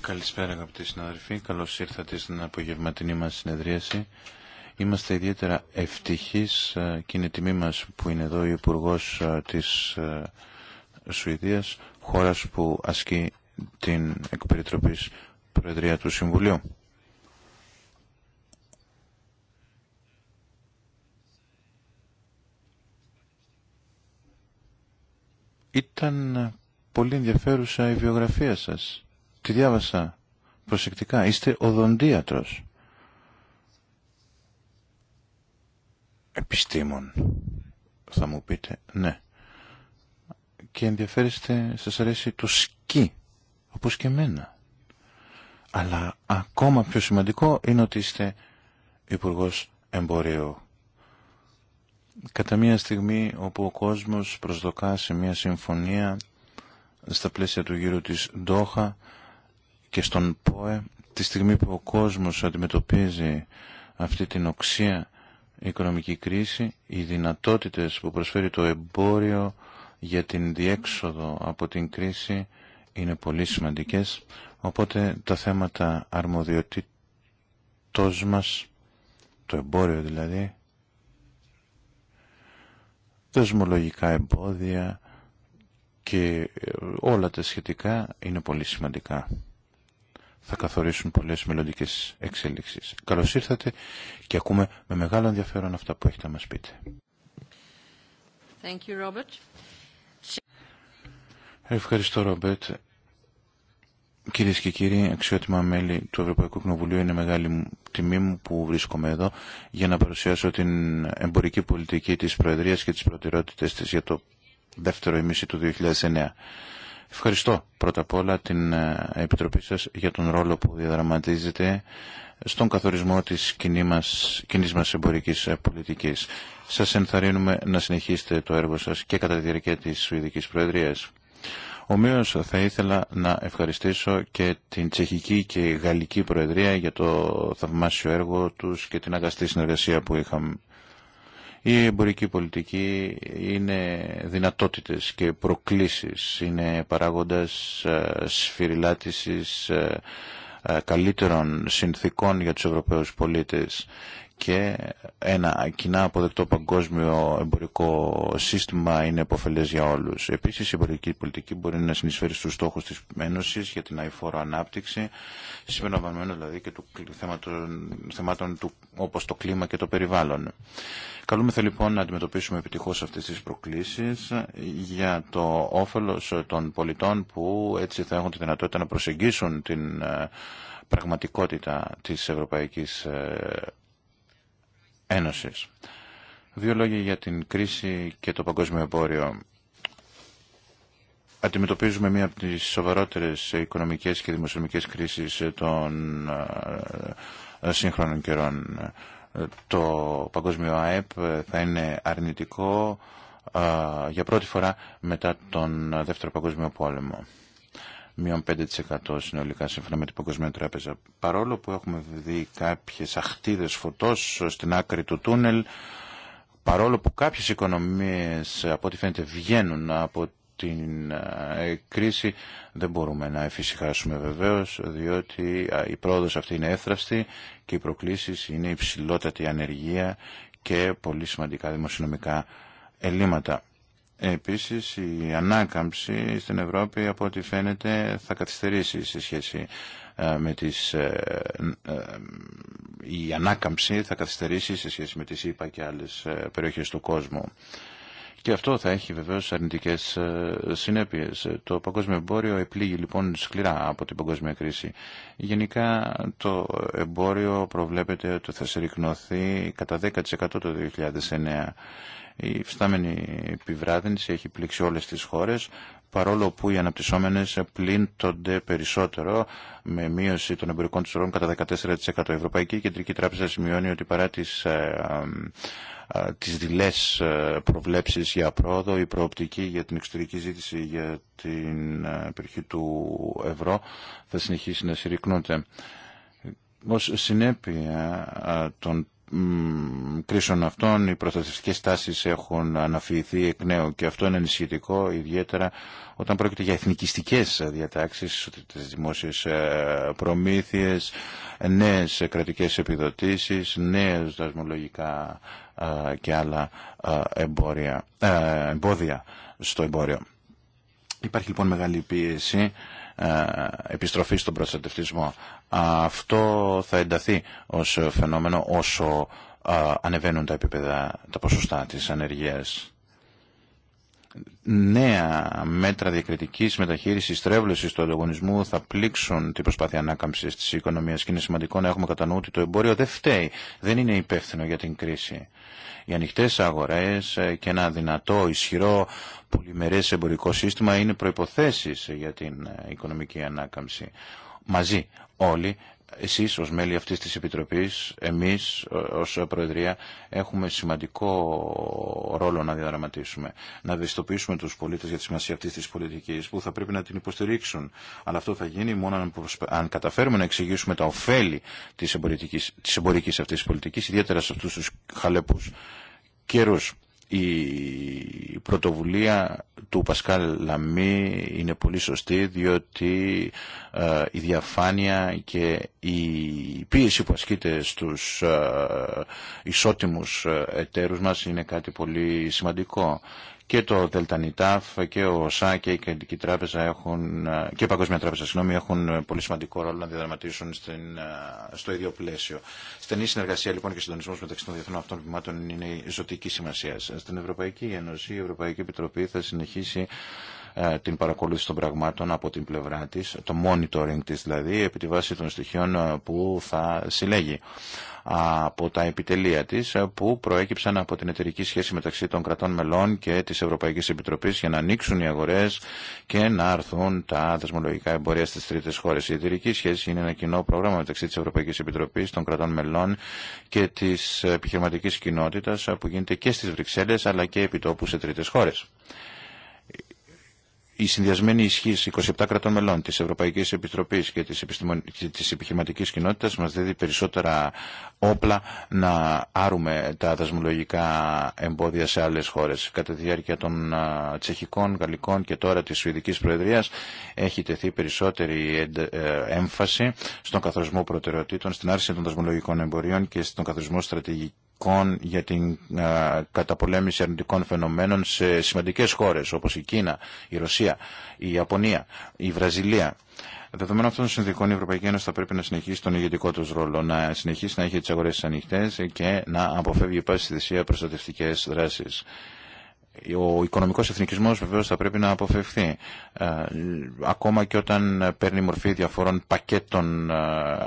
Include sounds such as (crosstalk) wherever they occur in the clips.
Καλησπέρα αγαπητοί συνάδελφοι, καλώς ήρθατε στην απογευματινή μας συνεδρίαση. Είμαστε ιδιαίτερα ευτυχείς ε, και είναι τιμή μας που είναι εδώ ο υπουργό ε, της ε, Σουηδίας, χώρας που ασκεί την εκπεριτροπής Προεδρία του Συμβουλίου. Ήταν πολύ ενδιαφέρουσα η βιογραφία σας. Τη διάβασα προσεκτικά. Είστε οδοντίατρος. επιστήμων θα μου πείτε. Ναι. Και ενδιαφέρεστε, σας αρέσει το σκι, όπως και εμένα. Αλλά ακόμα πιο σημαντικό είναι ότι είστε υπουργός εμπορίου κατά μια στιγμή όπου ο κόσμος προσδοκά σε μια συμφωνία στα πλαίσια του γύρου της Ντόχα και στον ΠΟΕ, τη στιγμή που ο κόσμος αντιμετωπίζει αυτή την οξία οικονομική κρίση, οι δυνατότητες που προσφέρει το εμπόριο για την διέξοδο από την κρίση είναι πολύ σημαντικές, οπότε τα θέματα αρμοδιοτήτως μας, το εμπόριο δηλαδή, δοσμολογικά εμπόδια και ε, όλα τα σχετικά είναι πολύ σημαντικά. Θα καθορίσουν πολλές μελλοντικέ εξέλιξεις. Καλώς ήρθατε και ακούμε με μεγάλο ενδιαφέρον αυτά που έχετε να μας πείτε. Thank Ευχαριστώ, Ρόμπετ. Κυρίε και κύριοι, αξιότιμα μέλη του Ευρωπαϊκού Κοινοβουλίου, είναι μεγάλη τιμή μου που βρίσκομαι εδώ για να παρουσιάσω την εμπορική πολιτική της Προεδρίας και τις προτεραιότητες της για το δεύτερο ημίση του 2009. Ευχαριστώ πρώτα απ' όλα την ε, Επιτροπή σας για τον ρόλο που διαδραματίζεται στον καθορισμό της κοινή μα κοινής μας εμπορικής ε, πολιτικής. Σας ενθαρρύνουμε να συνεχίσετε το έργο σας και κατά τη διάρκεια της Σουηδικής Προεδρίας. Ομοίως θα ήθελα να ευχαριστήσω και την Τσεχική και Γαλλική Προεδρία για το θαυμάσιο έργο τους και την αγαστή συνεργασία που είχαμε. Η εμπορική πολιτική είναι δυνατότητες και προκλήσεις, είναι παράγοντας ε, σφυριλάτησης ε, ε, καλύτερων συνθήκων για τους Ευρωπαίους πολίτες και ένα κοινά αποδεκτό παγκόσμιο εμπορικό σύστημα είναι επωφελέ για όλου. Επίση, η εμπορική πολιτική μπορεί να συνεισφέρει στου στόχου τη Ένωση για την αηφόρο ανάπτυξη, συμπεριλαμβανομένου δηλαδή και του θέματων, θεμάτων του, όπως το κλίμα και το περιβάλλον. Καλούμεθα λοιπόν να αντιμετωπίσουμε επιτυχώ αυτέ τι προκλήσει για το όφελο των πολιτών που έτσι θα έχουν τη δυνατότητα να προσεγγίσουν την ε, πραγματικότητα της ευρωπαϊκής ε, Δύο λόγια για την κρίση και το παγκόσμιο εμπόριο. Αντιμετωπίζουμε μία από τις σοβαρότερες οικονομικές και δημοσιονομικές κρίσεις των ε, σύγχρονων καιρών. Το παγκόσμιο ΑΕΠ θα είναι αρνητικό ε, για πρώτη φορά μετά τον Δεύτερο Παγκόσμιο Πόλεμο μείον 5% συνολικά σύμφωνα με την Παγκοσμία Τράπεζα. Παρόλο που έχουμε δει κάποιες αχτίδες φωτός στην άκρη του τούνελ, παρόλο που κάποιες οικονομίες από ό,τι φαίνεται βγαίνουν από την ε, κρίση δεν μπορούμε να εφησυχάσουμε βεβαίως διότι η πρόοδος αυτή είναι έθραστη και οι προκλήσεις είναι υψηλότατη ανεργία και πολύ σημαντικά δημοσιονομικά ελλείμματα. Επίσης η ανάκαμψη στην Ευρώπη από ό,τι φαίνεται θα καθυστερήσει σε σχέση ε, με τις... Ε, ε, η ανάκαμψη θα καθυστερήσει σε σχέση με τις ΗΠΑ και άλλες περιοχές του κόσμου. Και αυτό θα έχει βεβαίως αρνητικές συνέπειες. Το παγκόσμιο εμπόριο επλήγει λοιπόν σκληρά από την παγκόσμια κρίση. Γενικά το εμπόριο προβλέπεται ότι θα συρρυκνωθεί κατά 10% το 2009. Η φυστάμενη επιβράδυνση έχει πλήξει όλες τις χώρες, παρόλο που οι αναπτυσσόμενες πλήντονται περισσότερο με μείωση των εμπορικών τους ρόλων κατά 14%. Η Ευρωπαϊκή Κεντρική Τράπεζα σημειώνει ότι παρά τις, ε, ε, ε, τις δειλές προβλέψεις για πρόοδο, η προοπτική για την εξωτερική ζήτηση για την περιοχή του ευρώ θα συνεχίσει να συρρυκνούνται. Ως συνέπεια των κρίσεων αυτών οι προστατευτικέ τάσεις έχουν αναφηθεί εκ νέου και αυτό είναι ενισχυτικό ιδιαίτερα όταν πρόκειται για εθνικιστικές διατάξεις, τι δημόσιες ε, προμήθειες, νέες κρατικές επιδοτήσεις, νέες δασμολογικά ε, και άλλα ε, εμπόρια, εμπόδια στο εμπόριο. Υπάρχει λοιπόν μεγάλη πίεση επιστροφή στον προστατευτισμό. Αυτό θα ενταθεί ως φαινόμενο όσο ανεβαίνουν τα επίπεδα, τα ποσοστά της ανεργίας. Νέα μέτρα διακριτικής μεταχείρισης τρέβλωσης του ανταγωνισμού θα πλήξουν την προσπάθεια ανάκαμψης της οικονομίας και είναι σημαντικό να έχουμε κατά ότι το εμπόριο δεν φταίει, δεν είναι υπεύθυνο για την κρίση. Οι ανοιχτέ αγορές και ένα δυνατό, ισχυρό, πολυμερές εμπορικό σύστημα είναι προϋποθέσεις για την οικονομική ανάκαμψη μαζί όλοι εσείς ως μέλη αυτής της Επιτροπής, εμείς ως Προεδρία έχουμε σημαντικό ρόλο να διαδραματίσουμε. Να διστοποιήσουμε τους πολίτες για τη σημασία αυτής της πολιτικής που θα πρέπει να την υποστηρίξουν. Αλλά αυτό θα γίνει μόνο αν, καταφέρουμε να εξηγήσουμε τα ωφέλη της εμπορικής, της εμπορικής αυτής της πολιτικής, ιδιαίτερα σε αυτούς τους χαλεπούς καιρούς. Η πρωτοβουλία του Πασκάλ Λαμή είναι πολύ σωστή διότι ε, η διαφάνεια και η πίεση που ασκείται στους ε, ισότιμους ε, εταίρους μας είναι κάτι πολύ σημαντικό και το Δελτανιτάφ και ο ΣΑΚ και η Κεντρική Τράπεζα έχουν, και η Παγκόσμια Τράπεζα συγγνώμη, έχουν πολύ σημαντικό ρόλο να διαδραματίσουν στην, στο ίδιο πλαίσιο. Στενή συνεργασία λοιπόν και συντονισμό μεταξύ των διεθνών αυτών βημάτων είναι ζωτική σημασία. Στην Ευρωπαϊκή Ένωση η Ευρωπαϊκή Επιτροπή θα συνεχίσει ε, την παρακολούθηση των πραγμάτων από την πλευρά της, το monitoring της δηλαδή, επί τη βάση των στοιχείων ε, που θα συλλέγει ε, από τα επιτελεία της που προέκυψαν από την εταιρική σχέση μεταξύ των κρατών μελών και της Ευρωπαϊκής Επιτροπής για να ανοίξουν οι αγορές και να έρθουν τα δεσμολογικά εμπορία στις τρίτες χώρες. Η εταιρική σχέση είναι ένα κοινό πρόγραμμα μεταξύ της Ευρωπαϊκής Επιτροπής, των κρατών μελών και της επιχειρηματικής κοινότητας που γίνεται και στις Βρυξέλλες αλλά και επιτόπου σε τρίτες χώρες η συνδυασμένη ισχύ 27 κρατών μελών της Ευρωπαϊκής Επιτροπής και της, επιστημον... κοινότητα επιχειρηματικής κοινότητας μας δίδει περισσότερα όπλα να άρουμε τα δασμολογικά εμπόδια σε άλλες χώρες. Κατά τη διάρκεια των τσεχικών, γαλλικών και τώρα τη Σουηδικής προεδρία, έχει τεθεί περισσότερη ε, έμφαση στον καθορισμό προτεραιοτήτων, στην άρση των δασμολογικών εμπορίων και στον καθορισμό στρατηγική για την καταπολέμηση αρνητικών φαινομένων σε σημαντικές χώρες όπως η Κίνα, η Ρωσία, η Ιαπωνία, η Βραζιλία. Δεδομένου αυτών των συνδικών, η Ευρωπαϊκή Ένωση θα πρέπει να συνεχίσει τον ηγετικό του ρόλο, να συνεχίσει να έχει τι αγορέ ανοιχτέ και να αποφεύγει πάση θυσία προστατευτικέ δράσει. Ο οικονομικό εθνικισμό βεβαίω θα πρέπει να αποφευθεί. Ε, ακόμα και όταν παίρνει μορφή διαφορών πακέτων ε,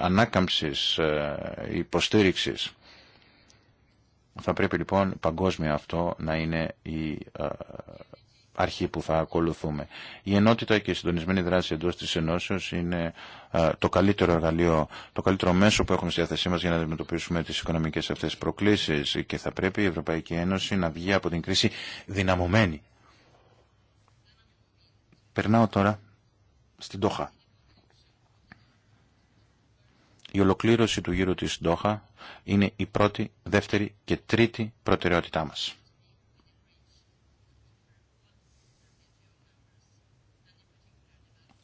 ανάκαμψη, ε, υποστήριξη. Θα πρέπει λοιπόν παγκόσμια αυτό να είναι η ε, αρχή που θα ακολουθούμε. Η ενότητα και η συντονισμένη δράση εντός της ενώσεως είναι ε, το καλύτερο εργαλείο, το καλύτερο μέσο που έχουμε στη διάθεσή μας για να αντιμετωπίσουμε τις οικονομικές αυτές προκλήσεις και θα πρέπει η Ευρωπαϊκή Ένωση να βγει από την κρίση δυναμωμένη. Περνάω τώρα στην Τόχα. Η ολοκλήρωση του γύρου της Ντόχα είναι η πρώτη, δεύτερη και τρίτη προτεραιότητά μας.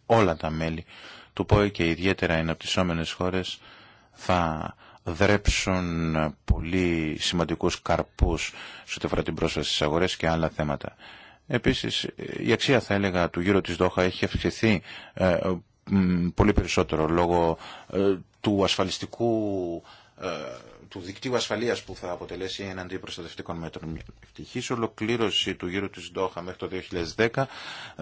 Όλα τα μέλη του ΠΟΕ και ιδιαίτερα οι αναπτυσσόμενες χώρες θα δρέψουν πολύ σημαντικούς καρπούς σε αφορά την πρόσβαση στις αγορές και άλλα θέματα. Επίσης, η αξία θα έλεγα του γύρω της Δόχα έχει αυξηθεί ε, πολύ περισσότερο λόγω ε, του ασφαλιστικού ε, του δικτύου ασφαλείας που θα αποτελέσει έναντι προστατευτικών μέτρων. Ευτυχής ολοκλήρωση του γύρου της Ντόχα μέχρι το 2010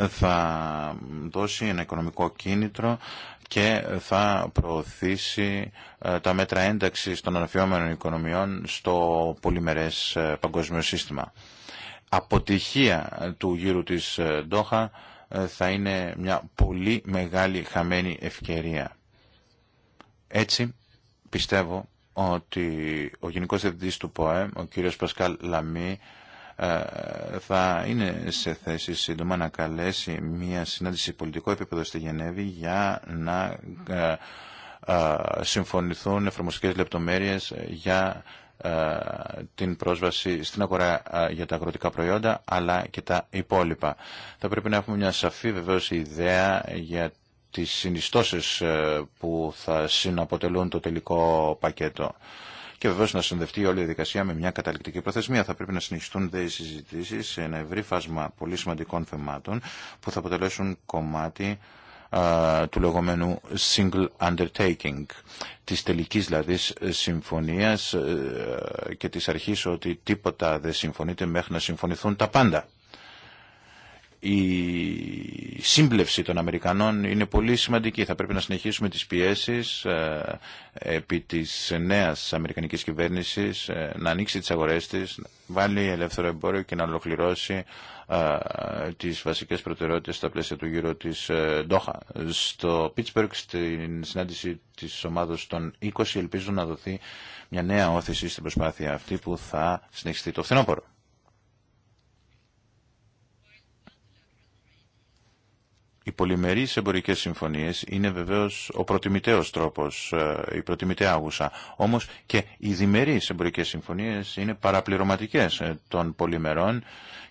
θα δώσει ένα οικονομικό κίνητρο και θα προωθήσει ε, τα μέτρα ένταξης των αναφιόμενων οικονομιών στο πολυμερές ε, παγκόσμιο σύστημα. Αποτυχία του γύρου της Ντόχα θα είναι μια πολύ μεγάλη χαμένη ευκαιρία. Έτσι πιστεύω ότι ο Γενικός Διευθυντής του ΠΟΕ, ο κύριος Πασκάλ Λαμή, ε, θα είναι σε θέση σύντομα να καλέσει μια συνάντηση πολιτικό επίπεδο στη Γενέβη για να ε, ε, συμφωνηθούν εφαρμοστικές λεπτομέρειες για την πρόσβαση στην αγορά για τα αγροτικά προϊόντα αλλά και τα υπόλοιπα. Θα πρέπει να έχουμε μια σαφή βεβαίως ιδέα για τις συνιστώσεις ε, που θα συναποτελούν το τελικό πακέτο. Και βεβαίω να συνδευτεί όλη η διαδικασία με μια καταληκτική προθεσμία. Θα πρέπει να συνεχιστούν δε οι συζητήσει σε ένα ευρύ φάσμα πολύ σημαντικών θεμάτων που θα αποτελέσουν κομμάτι ε, του λεγόμενου single undertaking, της τελικής δηλαδή συμφωνίας ε, και της αρχής ότι τίποτα δεν συμφωνείται μέχρι να συμφωνηθούν τα πάντα η σύμπλευση των Αμερικανών είναι πολύ σημαντική. Θα πρέπει να συνεχίσουμε τις πιέσεις ε, επί της νέας Αμερικανικής κυβέρνησης ε, να ανοίξει τις αγορές της, βάλει ελεύθερο εμπόριο και να ολοκληρώσει ε, τις βασικές προτεραιότητες στα πλαίσια του γύρω της Ντόχα. Στο Πίτσπερκ, στην συνάντηση της ομάδος των 20, ελπίζω να δοθεί μια νέα όθηση στην προσπάθεια αυτή που θα συνεχιστεί το φθινόπωρο. Οι πολυμερείς εμπορικές συμφωνίες είναι βεβαίως ο προτιμητέος τρόπος, ε, η προτιμητέα άγουσα. Όμως και οι διμερείς εμπορικές συμφωνίες είναι παραπληρωματικές ε, των πολυμερών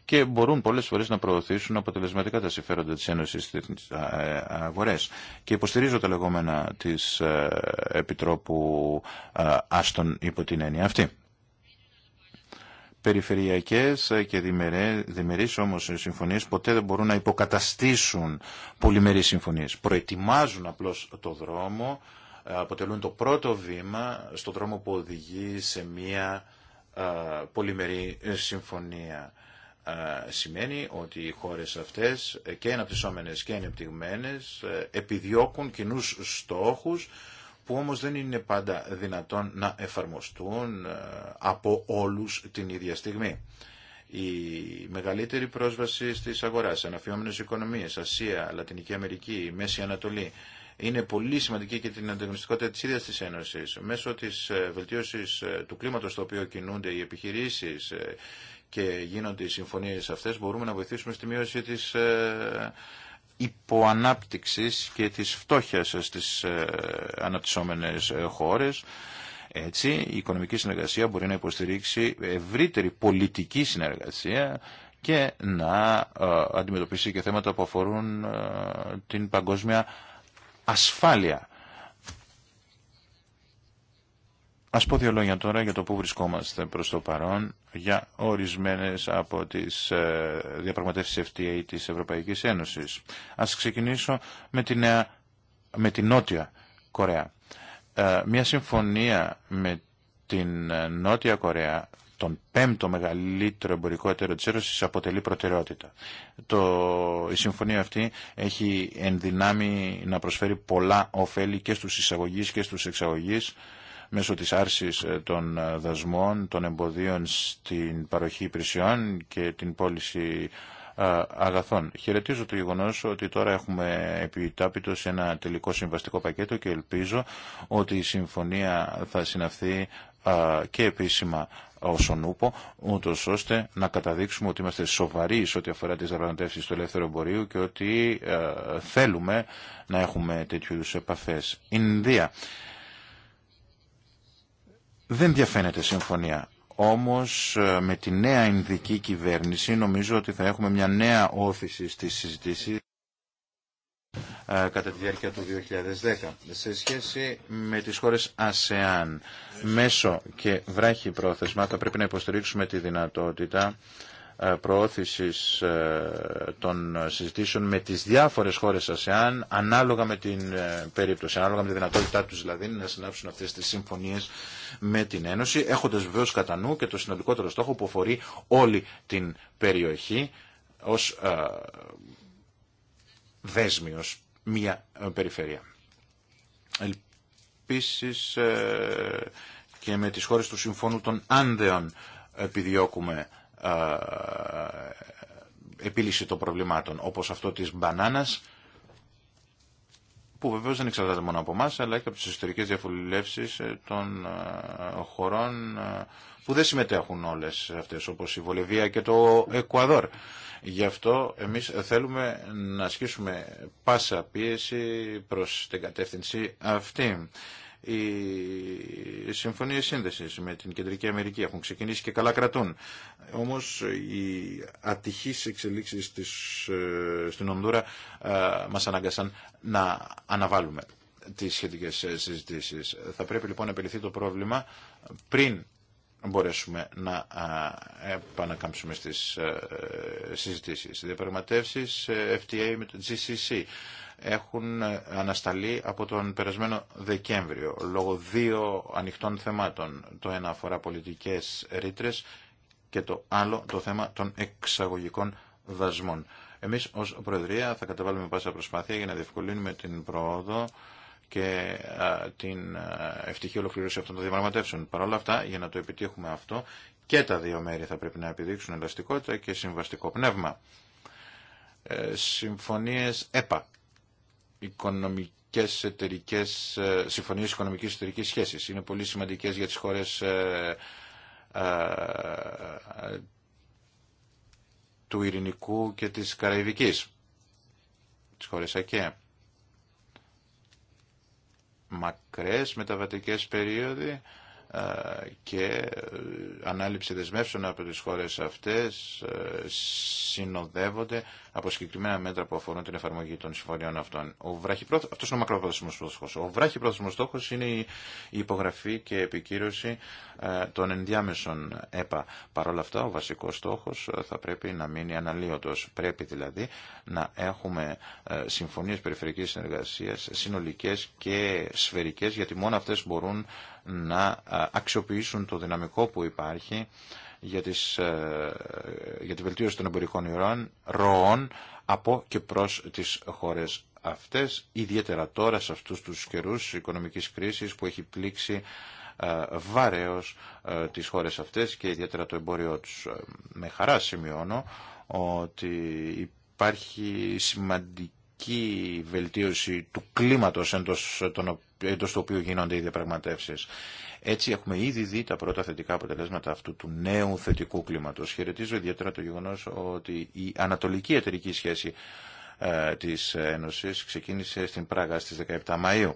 και μπορούν πολλές φορές να προωθήσουν αποτελεσματικά τα συμφέροντα της Ένωσης στις ε, αγορές. Και υποστηρίζω τα λεγόμενα της Επιτρόπου Άστον υπό την έννοια αυτή. Περιφερειακές και διμερείς όμως συμφωνίες ποτέ δεν μπορούν να υποκαταστήσουν πολυμερείς συμφωνίες. Προετοιμάζουν απλώς το δρόμο, αποτελούν το πρώτο βήμα στο δρόμο που οδηγεί σε μια πολυμερή συμφωνία. Σημαίνει ότι οι χώρες αυτές ε, και αναπτυσσόμενες και ανεπτυγμένες ε, επιδιώκουν κοινούς στόχους που όμως δεν είναι πάντα δυνατόν να εφαρμοστούν ε, από όλους την ίδια στιγμή. Η μεγαλύτερη πρόσβαση στις αγοράς, αναφιόμενες οικονομίες, Ασία, Λατινική Αμερική, Μέση Ανατολή, είναι πολύ σημαντική και την ανταγωνιστικότητα της ίδιας της Ένωσης. Μέσω της ε, βελτίωσης ε, του κλίματος στο οποίο κινούνται οι επιχειρήσεις και γίνονται οι συμφωνίες αυτές μπορούμε να βοηθήσουμε στη μείωση της υποανάπτυξης και της φτώχειας στις ε, αναπτυσσόμενες ε, χώρες. Έτσι, η οικονομική συνεργασία μπορεί να υποστηρίξει ευρύτερη πολιτική συνεργασία και να ε, αντιμετωπίσει και θέματα που αφορούν την παγκόσμια ασφάλεια. Ας πω δύο λόγια τώρα για το που βρισκόμαστε προς το παρόν για ορισμένες από τις ε, διαπραγματεύσεις FTA της Ευρωπαϊκής Ένωσης. Ας ξεκινήσω με τη, με Νότια Κορέα. Ε, μια συμφωνία με την ε, Νότια Κορέα τον πέμπτο μεγαλύτερο εμπορικό εταίρο της Ένωσης αποτελεί προτεραιότητα. Το, η συμφωνία αυτή έχει ενδυνάμει να προσφέρει πολλά ωφέλη και στους εισαγωγείς και στους εξαγωγείς μέσω της άρσης ε, των ε, δασμών, των εμποδίων στην παροχή υπηρεσιών και την πώληση ε, αγαθών. Χαιρετίζω το γεγονός ότι τώρα έχουμε επιτάπητο ένα τελικό συμβαστικό πακέτο και ελπίζω ότι η συμφωνία θα συναυθεί και επίσημα όσον ούπο, ούτω ώστε να καταδείξουμε ότι είμαστε σοβαροί σε ό,τι αφορά τι διαπραγματεύσει του ελεύθερου εμπορίου και ότι θέλουμε να έχουμε τέτοιου επαφέ. Ινδία δεν διαφαίνεται συμφωνία. Όμως ε, με τη νέα Ινδική κυβέρνηση νομίζω ότι θα έχουμε μια νέα όθηση στη συζήτηση ε, κατά τη διάρκεια του 2010 σε σχέση με τις χώρες ΑΣΕΑΝ. Μέσω και βράχη πρόθεσμα θα πρέπει να υποστηρίξουμε τη δυνατότητα ε, προώθησης ε, των συζητήσεων με τις διάφορες χώρες ΑΣΕΑΝ ανάλογα με την ε, περίπτωση, ανάλογα με τη δυνατότητά τους δηλαδή να συνάψουν αυτές τις συμφωνίες με την Ένωση, έχοντας βεβαίως κατά νου και το συνολικότερο στόχο που αφορεί όλη την περιοχή ως δέσμη, ως μία περιφέρεια. Επίσης και με τις χώρες του Συμφώνου των Άνδεων επιδιώκουμε ε, επίλυση των προβλημάτων, όπως αυτό της μπανάνας, που βεβαίως δεν εξαρτάται μόνο από εμά, αλλά και από τις ιστορικές διαφουλεύσεις ε, των ε, χωρών που δεν συμμετέχουν όλες αυτές, όπως η Βολεβία και το Εκουαδόρ. Γι' αυτό εμείς θέλουμε να ασκήσουμε πάσα πίεση προς την κατεύθυνση αυτή οι συμφωνίε σύνδεση με την Κεντρική Αμερική. Έχουν ξεκινήσει και καλά κρατούν. Όμω οι ατυχεί εξελίξει ε, στην Ονδούρα ε, μα αναγκάσαν να αναβάλουμε τι σχετικέ ε, συζητήσει. Θα πρέπει λοιπόν να επιληθεί το πρόβλημα πριν μπορέσουμε να επανακάμψουμε στις συζητήσεις. Διαπραγματεύσεις FTA με το GCC έχουν ανασταλεί από τον περασμένο Δεκέμβριο λόγω δύο ανοιχτών θεμάτων. Το ένα αφορά πολιτικές ρήτρε και το άλλο το θέμα των εξαγωγικών δασμών. Εμείς ως Προεδρία θα καταβάλουμε πάσα προσπάθεια για να διευκολύνουμε την πρόοδο και την ευτυχή ολοκλήρωση αυτών των διαπραγματεύσεων. Παρ' όλα αυτά, για να το επιτύχουμε αυτό, και τα δύο μέρη θα πρέπει να επιδείξουν ελαστικότητα και συμβαστικό πνεύμα. Ε, συμφωνίες ΕΠΑ οικονομικές εταιρικές, ε, συμφωνίες οικονομικής εταιρικής σχέσης. Είναι πολύ σημαντικές για τις χώρες ε, ε, του Ειρηνικού και της Καραϊβικής, τις χώρες ΑΚΕ. Μακρές μεταβατικές περίοδοι και ε, ανάληψη δεσμεύσεων από τις χώρες αυτές ε, συνοδεύονται από συγκεκριμένα μέτρα που αφορούν την εφαρμογή των συμφωνιών αυτών. Ο βραχυπρόθεσμος, αυτός είναι ο μακροπρόθεσμος στόχος. Ο βραχυπρόθεσμος στόχος είναι η υπογραφή και επικύρωση ε, των ενδιάμεσων ΕΠΑ. Παρ' όλα αυτά ο βασικός στόχος θα πρέπει να μείνει αναλύωτος. Πρέπει δηλαδή να έχουμε συμφωνίες περιφερειακής συνεργασίας συνολικές και σφαιρικές γιατί μόνο αυτές μπορούν να ε, αξιοποιήσουν το δυναμικό που υπάρχει για, τις, ε, για τη βελτίωση των εμπορικών ιερών ροών από και προς τις χώρες αυτές, ιδιαίτερα τώρα σε αυτούς τους καιρούς οικονομικής κρίσης που έχει πλήξει ε, βαρέως τις χώρες αυτές και ιδιαίτερα το εμπόριό τους. Με χαρά σημειώνω ότι υπάρχει σημαντική βελτίωση του κλίματος εντός των Εντο του οποίου γίνονται οι διαπραγματεύσεις. Έτσι έχουμε ήδη δει τα πρώτα θετικά αποτελέσματα αυτού του νέου θετικού κλίματος. Χαιρετίζω ιδιαίτερα το γεγονός ότι η ανατολική εταιρική σχέση ε, της Ένωσης ξεκίνησε στην Πράγα στις 17 Μαΐου.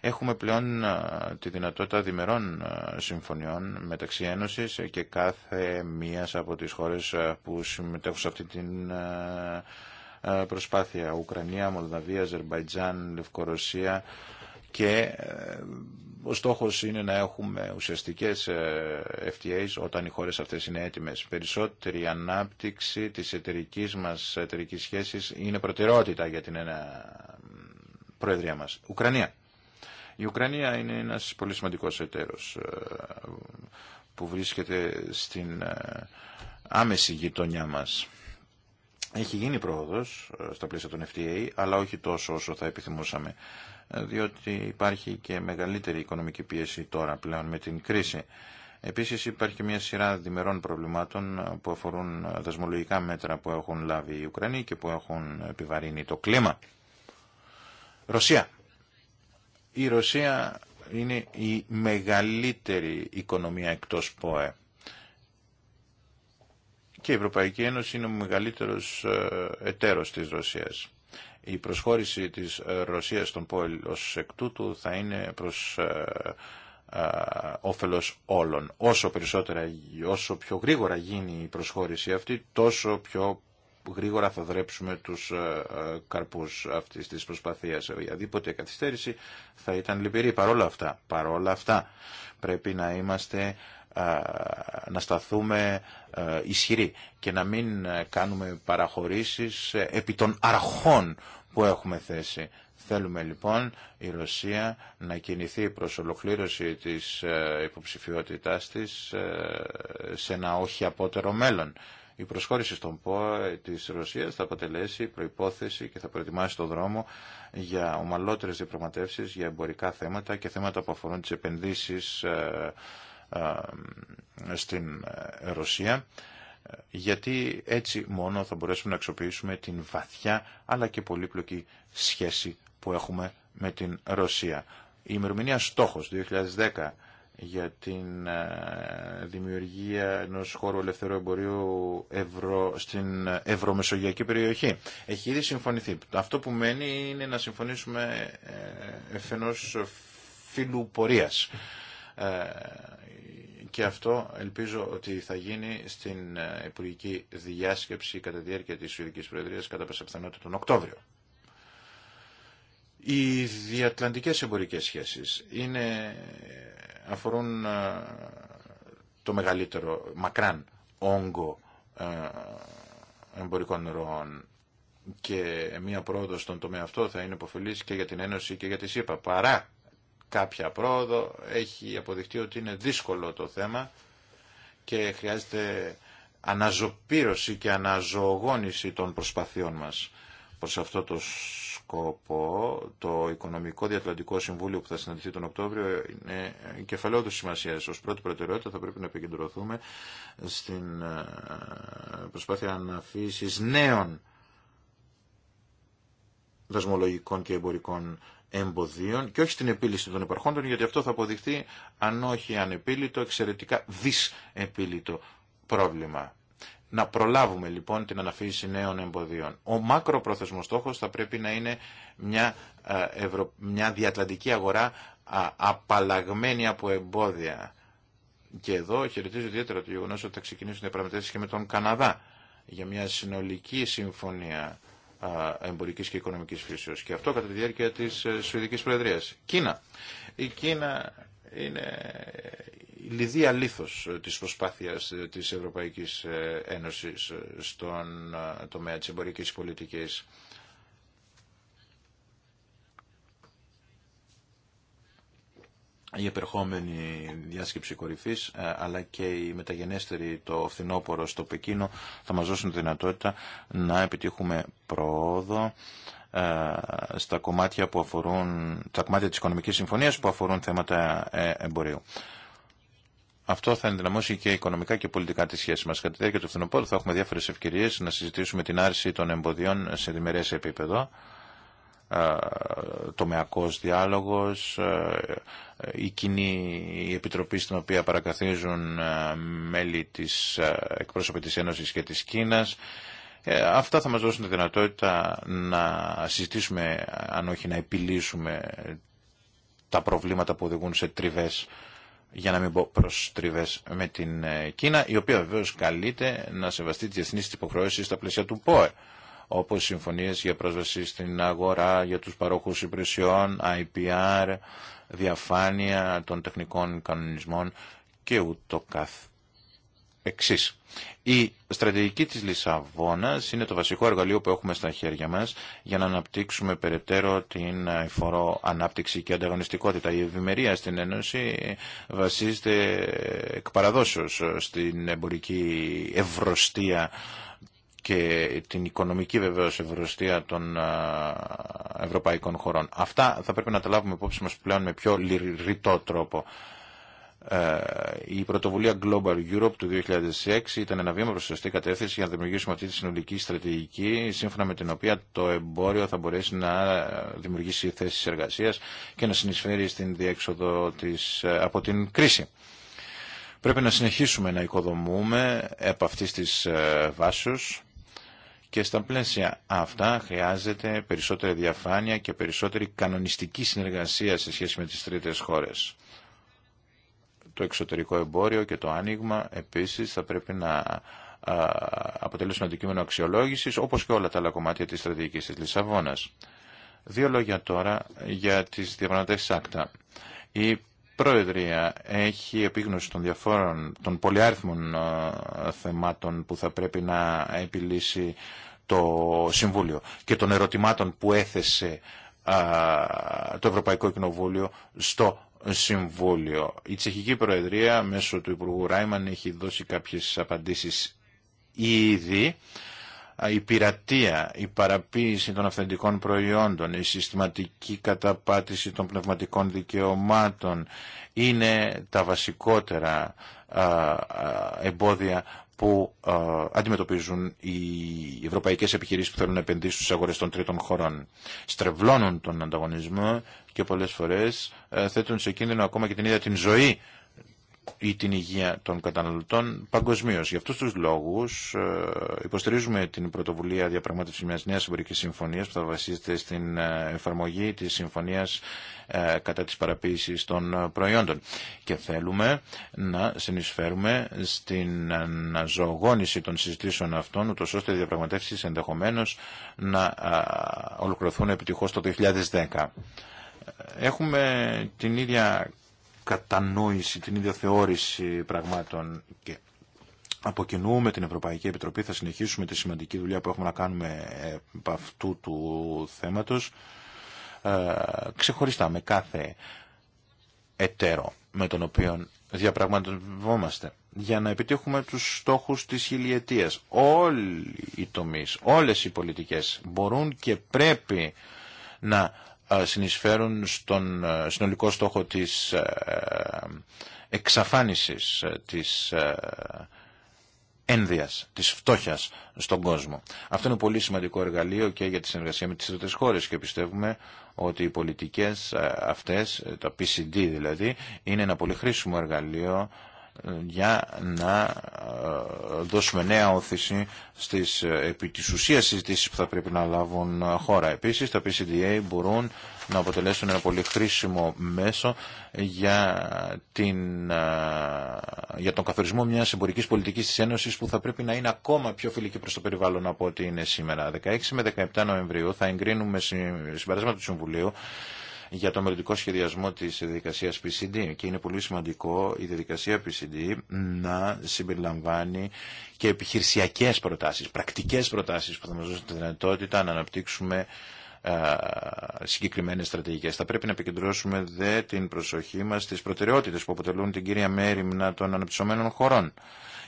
Έχουμε πλέον ε, τη δυνατότητα διμερών ε, συμφωνιών μεταξύ Ένωσης και κάθε μίας από τις χώρες που συμμετέχουν σε αυτή την προσπάθεια. Ουκρανία, Μολδαβία, Αζερμπαϊτζάν, Λευκορωσία, και ε, ο στόχος είναι να έχουμε ουσιαστικές ε, FTAs όταν οι χώρες αυτές είναι έτοιμες. Περισσότερη ανάπτυξη της εταιρικής μας εταιρικής σχέσης είναι προτεραιότητα για την ε, Προεδρία μας. Ουκρανία. Η Ουκρανία είναι ένας πολύ σημαντικός εταίρος που βρίσκεται στην άμεση γειτονιά μας. Έχει γίνει πρόοδος στα πλαίσια των FTA, αλλά όχι τόσο όσο θα επιθυμούσαμε διότι υπάρχει και μεγαλύτερη οικονομική πίεση τώρα πλέον με την κρίση. Επίσης υπάρχει μια σειρά διμερών προβλημάτων που αφορούν δασμολογικά μέτρα που έχουν λάβει οι Ουκρανοί και που έχουν επιβαρύνει το κλίμα. Ρωσία. Η Ρωσία είναι η μεγαλύτερη οικονομία εκτός ΠΟΕ. Και η Ευρωπαϊκή Ένωση είναι ο μεγαλύτερος ε, εταίρος της Ρωσίας. Η προσχώρηση της ε, Ρωσίας στον ΠΟΕΛ ως εκ τούτου θα είναι προς ε, ε, όφελος όλων. Όσο περισσότερα, όσο πιο γρήγορα γίνει η προσχώρηση αυτή, τόσο πιο γρήγορα θα δρέψουμε τους καρπούς αυτής της προσπαθίας. Οιαδήποτε καθυστέρηση θα ήταν λυπηρή. Παρόλα αυτά, παρόλα αυτά πρέπει να είμαστε να σταθούμε ισχυροί και να μην κάνουμε παραχωρήσεις επί των αρχών που έχουμε θέσει. Θέλουμε λοιπόν η Ρωσία να κινηθεί προς ολοκλήρωση της ε, υποψηφιότητάς της ε, σε ένα όχι απότερο μέλλον. Η προσχώρηση στον ΠΟΕ της Ρωσίας θα αποτελέσει προϋπόθεση και θα προετοιμάσει τον δρόμο για ομαλότερες διπλωματεύσεις... για εμπορικά θέματα και θέματα που αφορούν τις επενδύσεις ε, στην Ρωσία γιατί έτσι μόνο θα μπορέσουμε να αξιοποιήσουμε την βαθιά αλλά και πολύπλοκη σχέση που έχουμε με την Ρωσία. Η ημερομηνία στόχος 2010 για την ε, δημιουργία ενός χώρου ελευθερού εμπορίου ευρώ, στην ε, ευρωμεσογειακή περιοχή. Έχει ήδη συμφωνηθεί. Αυτό που μένει είναι να συμφωνήσουμε ε, εφενός φιλουπορίας. πορείας και αυτό ελπίζω ότι θα γίνει στην ε, Υπουργική Διάσκεψη κατά τη διάρκεια της Σουηδικής Προεδρίας κατά πιθανότητα τον Οκτώβριο. Οι διατλαντικές εμπορικές σχέσεις είναι, ε, αφορούν ε, το μεγαλύτερο μακράν όγκο εμπορικών ροών και μία πρόοδος στον τομέα αυτό θα είναι υποφελής και για την Ένωση και για τη ΣΥΠΑ παρά κάποια πρόοδο. Έχει αποδειχτεί ότι είναι δύσκολο το θέμα και χρειάζεται αναζωπήρωση και αναζωογόνηση των προσπαθειών μας. Προς αυτό το σκοπό, το Οικονομικό Διατλαντικό Συμβούλιο που θα συναντηθεί τον Οκτώβριο είναι κεφαλαίο σημασίας. σημασία. Ως πρώτη προτεραιότητα θα πρέπει να επικεντρωθούμε στην ε, προσπάθεια αναφύσης νέων δασμολογικών και εμπορικών εμποδίων και όχι στην επίλυση των υπαρχόντων, γιατί αυτό θα αποδειχθεί, αν όχι ανεπίλητο, εξαιρετικά δυσεπίλητο πρόβλημα. Να προλάβουμε λοιπόν την αναφύγηση νέων εμποδίων. Ο μακροπρόθεσμος στόχος θα πρέπει να είναι μια, ε, ευρω... μια διατλαντική αγορά απαλλαγμένη από εμπόδια. Και εδώ χαιρετίζω ιδιαίτερα το γεγονό ότι θα ξεκινήσουν οι και με τον Καναδά για μια συνολική συμφωνία εμπορική και οικονομική φύσεω. Και αυτό κατά τη διάρκεια τη ε, Σουηδική Προεδρία. Κίνα. Η Κίνα είναι η λιδία λίθο ε, της προσπάθειας ε, της Ευρωπαϊκής Ένωσης στον τομέα της εμπορικής πολιτικής. η επερχόμενη διάσκεψη κορυφής ε, αλλά και η μεταγενέστερη το φθινόπωρο στο Πεκίνο θα μας δώσουν τη δυνατότητα να επιτύχουμε προόδο ε, στα κομμάτια που αφορούν τα κομμάτια της οικονομικής συμφωνίας που αφορούν θέματα ε, εμπορίου. Αυτό θα ενδυναμώσει και οικονομικά και πολιτικά τη σχέση μα. Κατά τη διάρκεια του φθινοπόρου θα έχουμε διάφορε ευκαιρίε να συζητήσουμε την άρση των εμποδιών σε διμερέ επίπεδο ε, τομεακός διάλογος, ε, ε, η κοινή η επιτροπή στην οποία παρακαθίζουν μέλη της εκπρόσωπη της Ένωσης και της Κίνας. Αυτά θα μας δώσουν τη δυνατότητα να συζητήσουμε, αν όχι να επιλύσουμε τα προβλήματα που οδηγούν σε τριβές για να μην πω προς τριβές με την Κίνα, η οποία βεβαίως καλείται να σεβαστεί τις διεθνείς υποχρεώσεις στα πλαίσια του ΠΟΕ όπως συμφωνίες για πρόσβαση στην αγορά, για τους παρόχους υπηρεσιών, IPR, διαφάνεια των τεχνικών κανονισμών και ούτω καθ' εξής. Η στρατηγική της Λισαβόνας είναι το βασικό εργαλείο που έχουμε στα χέρια μας για να αναπτύξουμε περαιτέρω την φορό ανάπτυξη και ανταγωνιστικότητα. Η ευημερία στην Ένωση βασίζεται εκ παραδόσεως στην εμπορική ευρωστία και την οικονομική βεβαίως ευρωστία των ευρωπαϊκών χωρών. Αυτά θα πρέπει να τα λάβουμε υπόψη μας πλέον με πιο λυρητό τρόπο. Ε, η πρωτοβουλία Global Europe του 2006 ήταν ένα βήμα προς σωστή κατεύθυνση για να δημιουργήσουμε αυτή τη συνολική στρατηγική σύμφωνα με την οποία το εμπόριο θα μπορέσει να δημιουργήσει θέσεις εργασίας και να συνεισφέρει στην διέξοδο ε, από την κρίση. Πρέπει να συνεχίσουμε να οικοδομούμε από αυτής της ε, βάσης και στα πλαίσια αυτά χρειάζεται περισσότερη διαφάνεια και περισσότερη κανονιστική συνεργασία σε σχέση με τις τρίτες χώρες. Το εξωτερικό εμπόριο και το άνοιγμα επίσης θα πρέπει να αποτελέσουν αντικείμενο αξιολόγησης όπως και όλα τα άλλα κομμάτια της στρατηγικής της Λισαβόνας. Δύο λόγια τώρα για τις διαπραγματεύσεις άκτα. Η Προεδρία έχει επίγνωση των διαφόρων, των πολυάριθμων ε, θεμάτων που θα πρέπει να επιλύσει το Συμβούλιο και των ερωτημάτων που έθεσε ε, το Ευρωπαϊκό Κοινοβούλιο στο Συμβούλιο. Η Τσεχική Προεδρία μέσω του Υπουργού Ράιμαν έχει δώσει κάποιες απαντήσεις ήδη η πειρατεία, η παραποίηση των αυθεντικών προϊόντων, η συστηματική καταπάτηση των πνευματικών δικαιωμάτων είναι τα βασικότερα εμπόδια που αντιμετωπίζουν οι ευρωπαϊκές επιχειρήσεις που θέλουν να επενδύσουν στους αγορές των τρίτων χωρών. Στρεβλώνουν τον ανταγωνισμό και πολλές φορές θέτουν σε κίνδυνο ακόμα και την ίδια την ζωή ή την υγεία των καταναλωτών παγκοσμίω. Γι' αυτού του λόγου ε, υποστηρίζουμε την πρωτοβουλία διαπραγμάτευση μια νέα εμπορική συμφωνία που θα βασίζεται στην ε, εφαρμογή τη συμφωνία ε, κατά τη παραποίηση των προϊόντων. Και θέλουμε να συνεισφέρουμε στην αναζωογόνηση των συζητήσεων αυτών, ούτω ώστε οι διαπραγματεύσει ενδεχομένω να ολοκληρωθούν επιτυχώ το 2010. Έχουμε την ίδια κατανόηση, την ίδια θεώρηση πραγμάτων και από την Ευρωπαϊκή Επιτροπή θα συνεχίσουμε τη σημαντική δουλειά που έχουμε να κάνουμε από ε, αυτού του θέματος ε, ξεχωριστά με κάθε εταίρο με τον οποίο διαπραγματευόμαστε για να επιτύχουμε τους στόχους της χιλιετίας. Όλοι οι τομείς, όλες οι πολιτικές μπορούν και πρέπει να ε, συνεισφέρουν στον ε, συνολικό στόχο της ε, εξαφάνισης της ένδυας, της φτώχειας στον κόσμο. Αυτό είναι πολύ σημαντικό εργαλείο και για τη συνεργασία με τις τρίτες χώρες και πιστεύουμε ότι οι πολιτικές αυτές, τα PCD δηλαδή, είναι ένα πολύ χρήσιμο εργαλείο για να ε, δώσουμε νέα όθηση στις ε, επί της συζητήσεις που θα πρέπει να λάβουν χώρα. Επίσης, τα PCDA μπορούν να αποτελέσουν ένα πολύ χρήσιμο μέσο για, την, ε, για τον καθορισμό μιας εμπορικής πολιτικής της Ένωσης που θα πρέπει να είναι ακόμα πιο φιλική προς το περιβάλλον από ό,τι είναι σήμερα. 16 με 17 Νοεμβρίου θα εγκρίνουμε συμπεράσματα του Συμβουλίου για το μελλοντικό σχεδιασμό της διαδικασία PCD και είναι πολύ σημαντικό η διαδικασία PCD να συμπεριλαμβάνει και επιχειρησιακές προτάσεις, πρακτικές προτάσεις που θα μας δώσουν τη δυνατότητα να αναπτύξουμε συγκεκριμένες στρατηγικές. Θα πρέπει να επικεντρώσουμε δε την προσοχή μας στις προτεραιότητες που αποτελούν την κύρια μέρημνα των αναπτυσσομένων χωρών.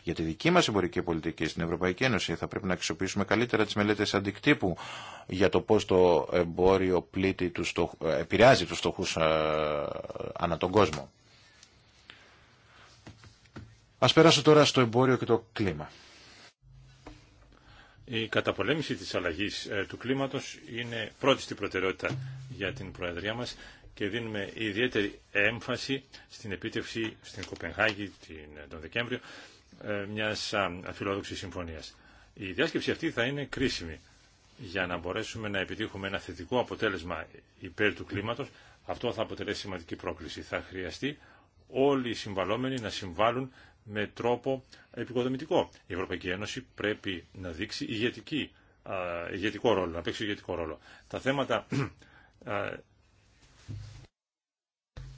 Για τη δική μας εμπορική πολιτική στην Ευρωπαϊκή Ένωση θα πρέπει να αξιοποιήσουμε καλύτερα τις μελέτες αντικτύπου για το πώς το εμπόριο πλήττει, του στοχ... Ε, επηρεάζει τους στοχούς ε, ανά τον κόσμο. Ας περάσω τώρα στο εμπόριο και το κλίμα. Η καταπολέμηση της αλλαγής ε, του κλίματος είναι πρώτη στην προτεραιότητα για την Προεδρία μας και δίνουμε ιδιαίτερη έμφαση στην επίτευξη στην Κοπενχάγη τον Δεκέμβριο ε, μιας αφιλόδοξης συμφωνίας. Η διάσκεψη αυτή θα είναι κρίσιμη για να μπορέσουμε να επιτύχουμε ένα θετικό αποτέλεσμα υπέρ του κλίματος. Αυτό θα αποτελέσει σημαντική πρόκληση. Θα χρειαστεί όλοι οι συμβαλόμενοι να συμβάλλουν με τρόπο επικοδομητικό. Η Ευρωπαϊκή Ένωση πρέπει να δείξει ηγετική, ηγετικό ρόλο, να παίξει ηγετικό ρόλο. Τα θέματα (clears throat)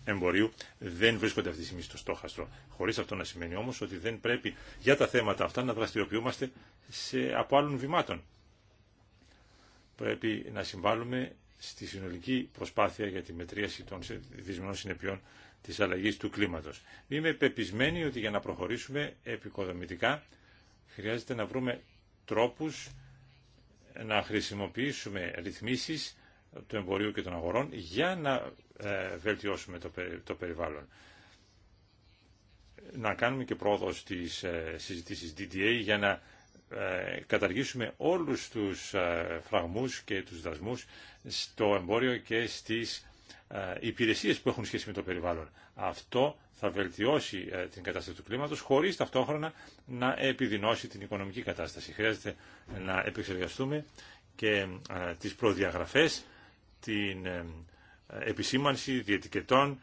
εμπορίου δεν βρίσκονται αυτή τη στιγμή στο στόχαστρο. Χωρίς αυτό να σημαίνει όμω ότι δεν πρέπει για τα θέματα αυτά να δραστηριοποιούμαστε σε, από άλλων βημάτων. Πρέπει να συμβάλλουμε στη συνολική προσπάθεια για τη μετρίαση των δυσμενών συνεπειών της αλλαγής του κλίματος. Είμαι πεπισμένοι ότι για να προχωρήσουμε επικοδομητικά χρειάζεται να βρούμε τρόπου να χρησιμοποιήσουμε ρυθμίσεις του εμπορίου και των αγορών για να ε, βελτιώσουμε το περιβάλλον. Να κάνουμε και πρόοδο στις ε, συζητήσεις DDA για να ε, καταργήσουμε όλους τους φραγμούς και τους δασμούς στο εμπόριο και στις υπηρεσίες που έχουν σχέση με το περιβάλλον. Αυτό θα βελτιώσει την κατάσταση του κλίματος χωρίς ταυτόχρονα να επιδεινώσει την οικονομική κατάσταση. Χρειάζεται να επεξεργαστούμε και τις προδιαγραφές την ε, επισήμανση διετικετών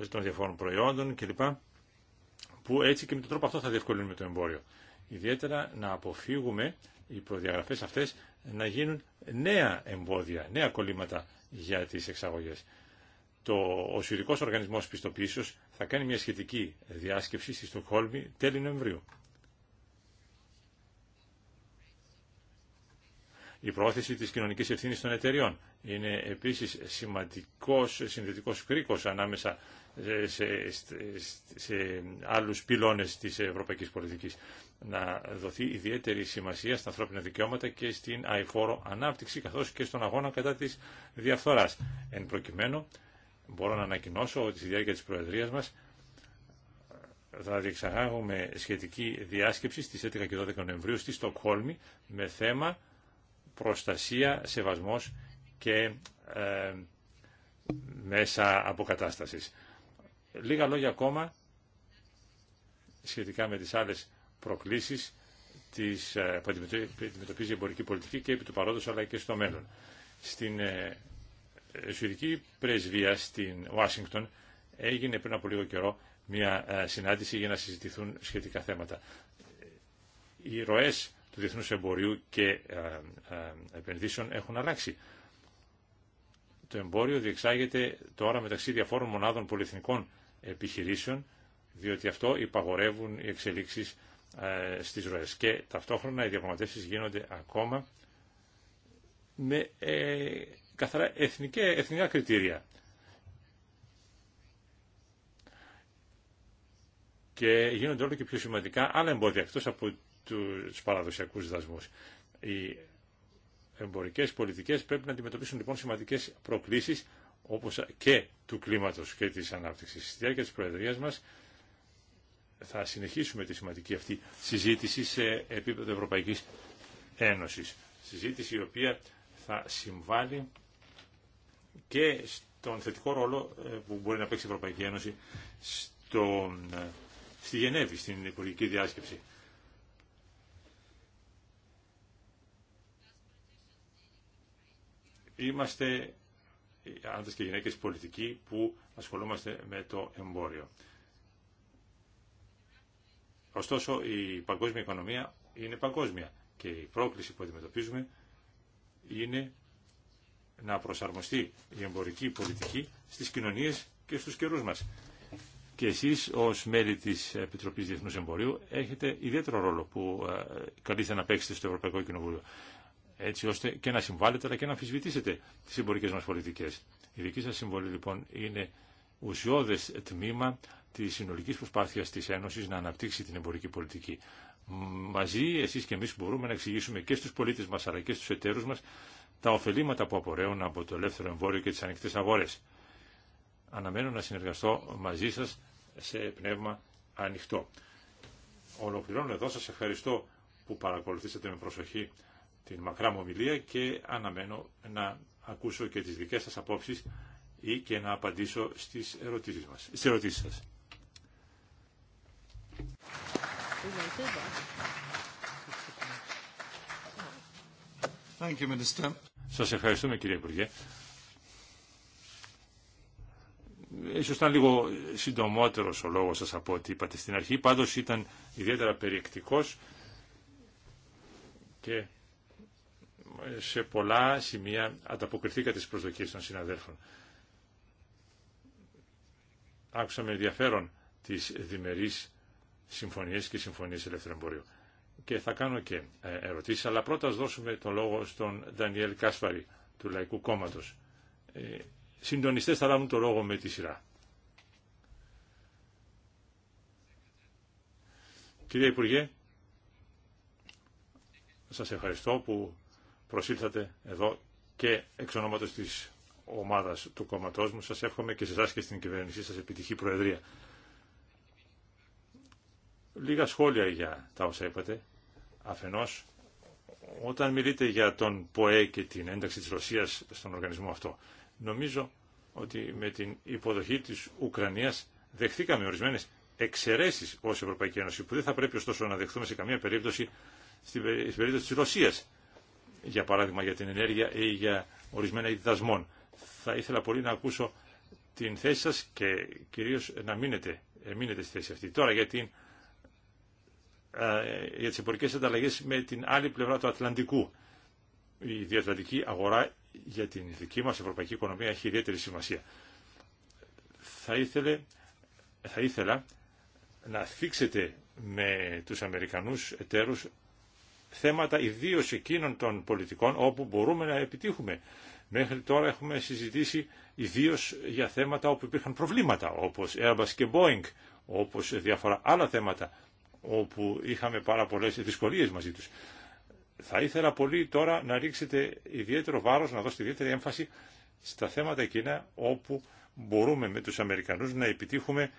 ε, των διαφόρων προϊόντων κλπ. Που έτσι και με τον τρόπο αυτό θα διευκολύνουμε το εμπόριο. Ιδιαίτερα να αποφύγουμε οι προδιαγραφές αυτές να γίνουν νέα εμπόδια, νέα κολλήματα για τις εξαγωγές. Το, ο Οργανισμός Πιστοποίησεως θα κάνει μια σχετική διάσκεψη στη Στοκχόλμη τέλη Νοεμβρίου. Η προώθηση της κοινωνικής ευθύνης των εταιριών είναι επίσης σημαντικός συνδετικός κρίκος ανάμεσα σε, σε, σε άλλους πυλώνες της ευρωπαϊκής πολιτικής. Να δοθεί ιδιαίτερη σημασία στα ανθρώπινα δικαιώματα και στην αηφόρο ανάπτυξη καθώς και στον αγώνα κατά της διαφθοράς. Εν προκειμένου μπορώ να ανακοινώσω ότι στη διάρκεια της Προεδρίας μας θα διεξαγάγουμε σχετική διάσκεψη στις 11 και 12 Νοεμβρίου στη Στοκχόλμη με θέμα προστασία, σεβασμός και ε, μέσα αποκατάστασης. Λίγα λόγια ακόμα σχετικά με τις άλλες προκλήσεις της, ε, που αντιμετωπίζει η εμπορική πολιτική και επί του παρόντος αλλά και στο μέλλον. Στην ε, ε Σουηδική Πρεσβεία στην Ουάσιγκτον έγινε πριν από λίγο καιρό μια συνάντηση για να συζητηθούν σχετικά θέματα. Οι ροές του διεθνού εμπορίου και ε, ε, επενδύσεων έχουν αλλάξει. Το εμπόριο διεξάγεται τώρα μεταξύ διαφόρων μονάδων πολυεθνικών επιχειρήσεων, διότι αυτό υπαγορεύουν οι εξελίξεις ε, στις ροέ. Και ταυτόχρονα οι διαπραγματεύσει γίνονται ακόμα με καθαρά εθνικά, εθνικά κριτήρια. Και γίνονται όλο και πιο σημαντικά άλλα εμπόδια εκτός από τους παραδοσιακούς δασμούς. Οι εμπορικές πολιτικές πρέπει να αντιμετωπίσουν λοιπόν σημαντικές προκλήσεις όπως και του κλίματος και της ανάπτυξης. Στη διάρκεια της Προεδρίας μας θα συνεχίσουμε τη σημαντική αυτή συζήτηση σε επίπεδο Ευρωπαϊκής Ένωσης. Συζήτηση η οποία θα συμβάλλει και στον θετικό ρόλο ε, που μπορεί να παίξει η Ευρωπαϊκή Ένωση στο, ε, στη Γενέβη, στην Υπουργική Διάσκεψη. είμαστε άντρες και γυναίκες πολιτικοί που ασχολούμαστε με το εμπόριο. Ωστόσο, η παγκόσμια οικονομία είναι παγκόσμια και η πρόκληση που αντιμετωπίζουμε είναι να προσαρμοστεί η εμπορική πολιτική στις κοινωνίες και στους καιρούς μας. Και εσείς ως μέλη της Επιτροπής Διεθνούς Εμπορίου έχετε ιδιαίτερο ρόλο που ε, καλείστε να παίξετε στο Ευρωπαϊκό Κοινοβούλιο έτσι ώστε και να συμβάλλετε αλλά και να αμφισβητήσετε τι εμπορικέ μα πολιτικέ. Η δική σα συμβολή λοιπόν είναι ουσιώδε τμήμα τη συνολική προσπάθεια τη Ένωση να αναπτύξει την εμπορική πολιτική. Μαζί εσεί και εμεί μπορούμε να εξηγήσουμε και στου πολίτε μα, αλλά και στου εταίρου μα τα ωφελήματα που απορρέουν από το ελεύθερο εμβόλιο και τι ανοιχτέ αγορέ. Αναμένω να συνεργαστώ μαζί σα σε πνεύμα ανοιχτό. Ολοκληρώνω εδώ. σα ευχαριστώ που παρακολουθήσατε με προσοχή την μακρά μου ομιλία και αναμένω να ακούσω και τις δικές σας απόψεις ή και να απαντήσω στις ερωτήσεις, μας, στις ερωτήσεις σας. Thank Σας ευχαριστούμε κύριε Υπουργέ. Ίσως ήταν λίγο συντομότερος ο λόγος σας από ό,τι είπατε στην αρχή, πάντως ήταν ιδιαίτερα περιεκτικός και σε πολλά σημεία ανταποκριθήκατε στις προσδοκίες των συναδέλφων. Άκουσα με ενδιαφέρον τις διμερείς συμφωνίες και συμφωνίες ελεύθερου εμπορίου. Και θα κάνω και ε, ερωτήσεις, αλλά πρώτα δώσουμε το λόγο στον Δανιέλ Κάσπαρη του Λαϊκού Κόμματος. Ε, συντονιστές θα λάβουν το λόγο με τη σειρά. Κύριε Υπουργέ, σας ευχαριστώ που προσήλθατε εδώ και εξ ονόματο τη ομάδα του κόμματό μου. σα εύχομαι και σε εσά και στην κυβέρνησή σα επιτυχή Προεδρία. Λίγα σχόλια για τα όσα είπατε. Αφενός, όταν μιλείτε για τον ΠΟΕ και την ένταξη τη Ρωσία στον οργανισμό αυτό, νομίζω ότι με την υποδοχή τη Ουκρανία δεχθήκαμε ορισμένε εξαιρέσει ω Ευρωπαϊκή Ένωση, που δεν θα πρέπει ωστόσο να δεχθούμε σε καμία περίπτωση στην περίπτωση τη Ρωσία για παράδειγμα για την ενέργεια ή για ορισμένα είδη Θα ήθελα πολύ να ακούσω την θέση σας και κυρίως να μείνετε, ε, μείνετε στη θέση αυτή. Τώρα για, την, ε, για τις εμπορικές με την άλλη πλευρά του Ατλαντικού. Η διατλαντική αγορά για την δική μας ευρωπαϊκή οικονομία έχει ιδιαίτερη σημασία. Θα, θα ήθελα να θίξετε με τους Αμερικανούς εταίρους θέματα ιδίω εκείνων των πολιτικών όπου μπορούμε να επιτύχουμε. Μέχρι τώρα έχουμε συζητήσει ιδίω για θέματα όπου υπήρχαν προβλήματα, όπως Airbus και Boeing, όπως διάφορα άλλα θέματα όπου είχαμε πάρα πολλές δυσκολίες μαζί τους. Θα ήθελα πολύ τώρα να ρίξετε ιδιαίτερο βάρος, να δώσετε ιδιαίτερη έμφαση στα θέματα εκείνα όπου μπορούμε με τους Αμερικανούς να επιτύχουμε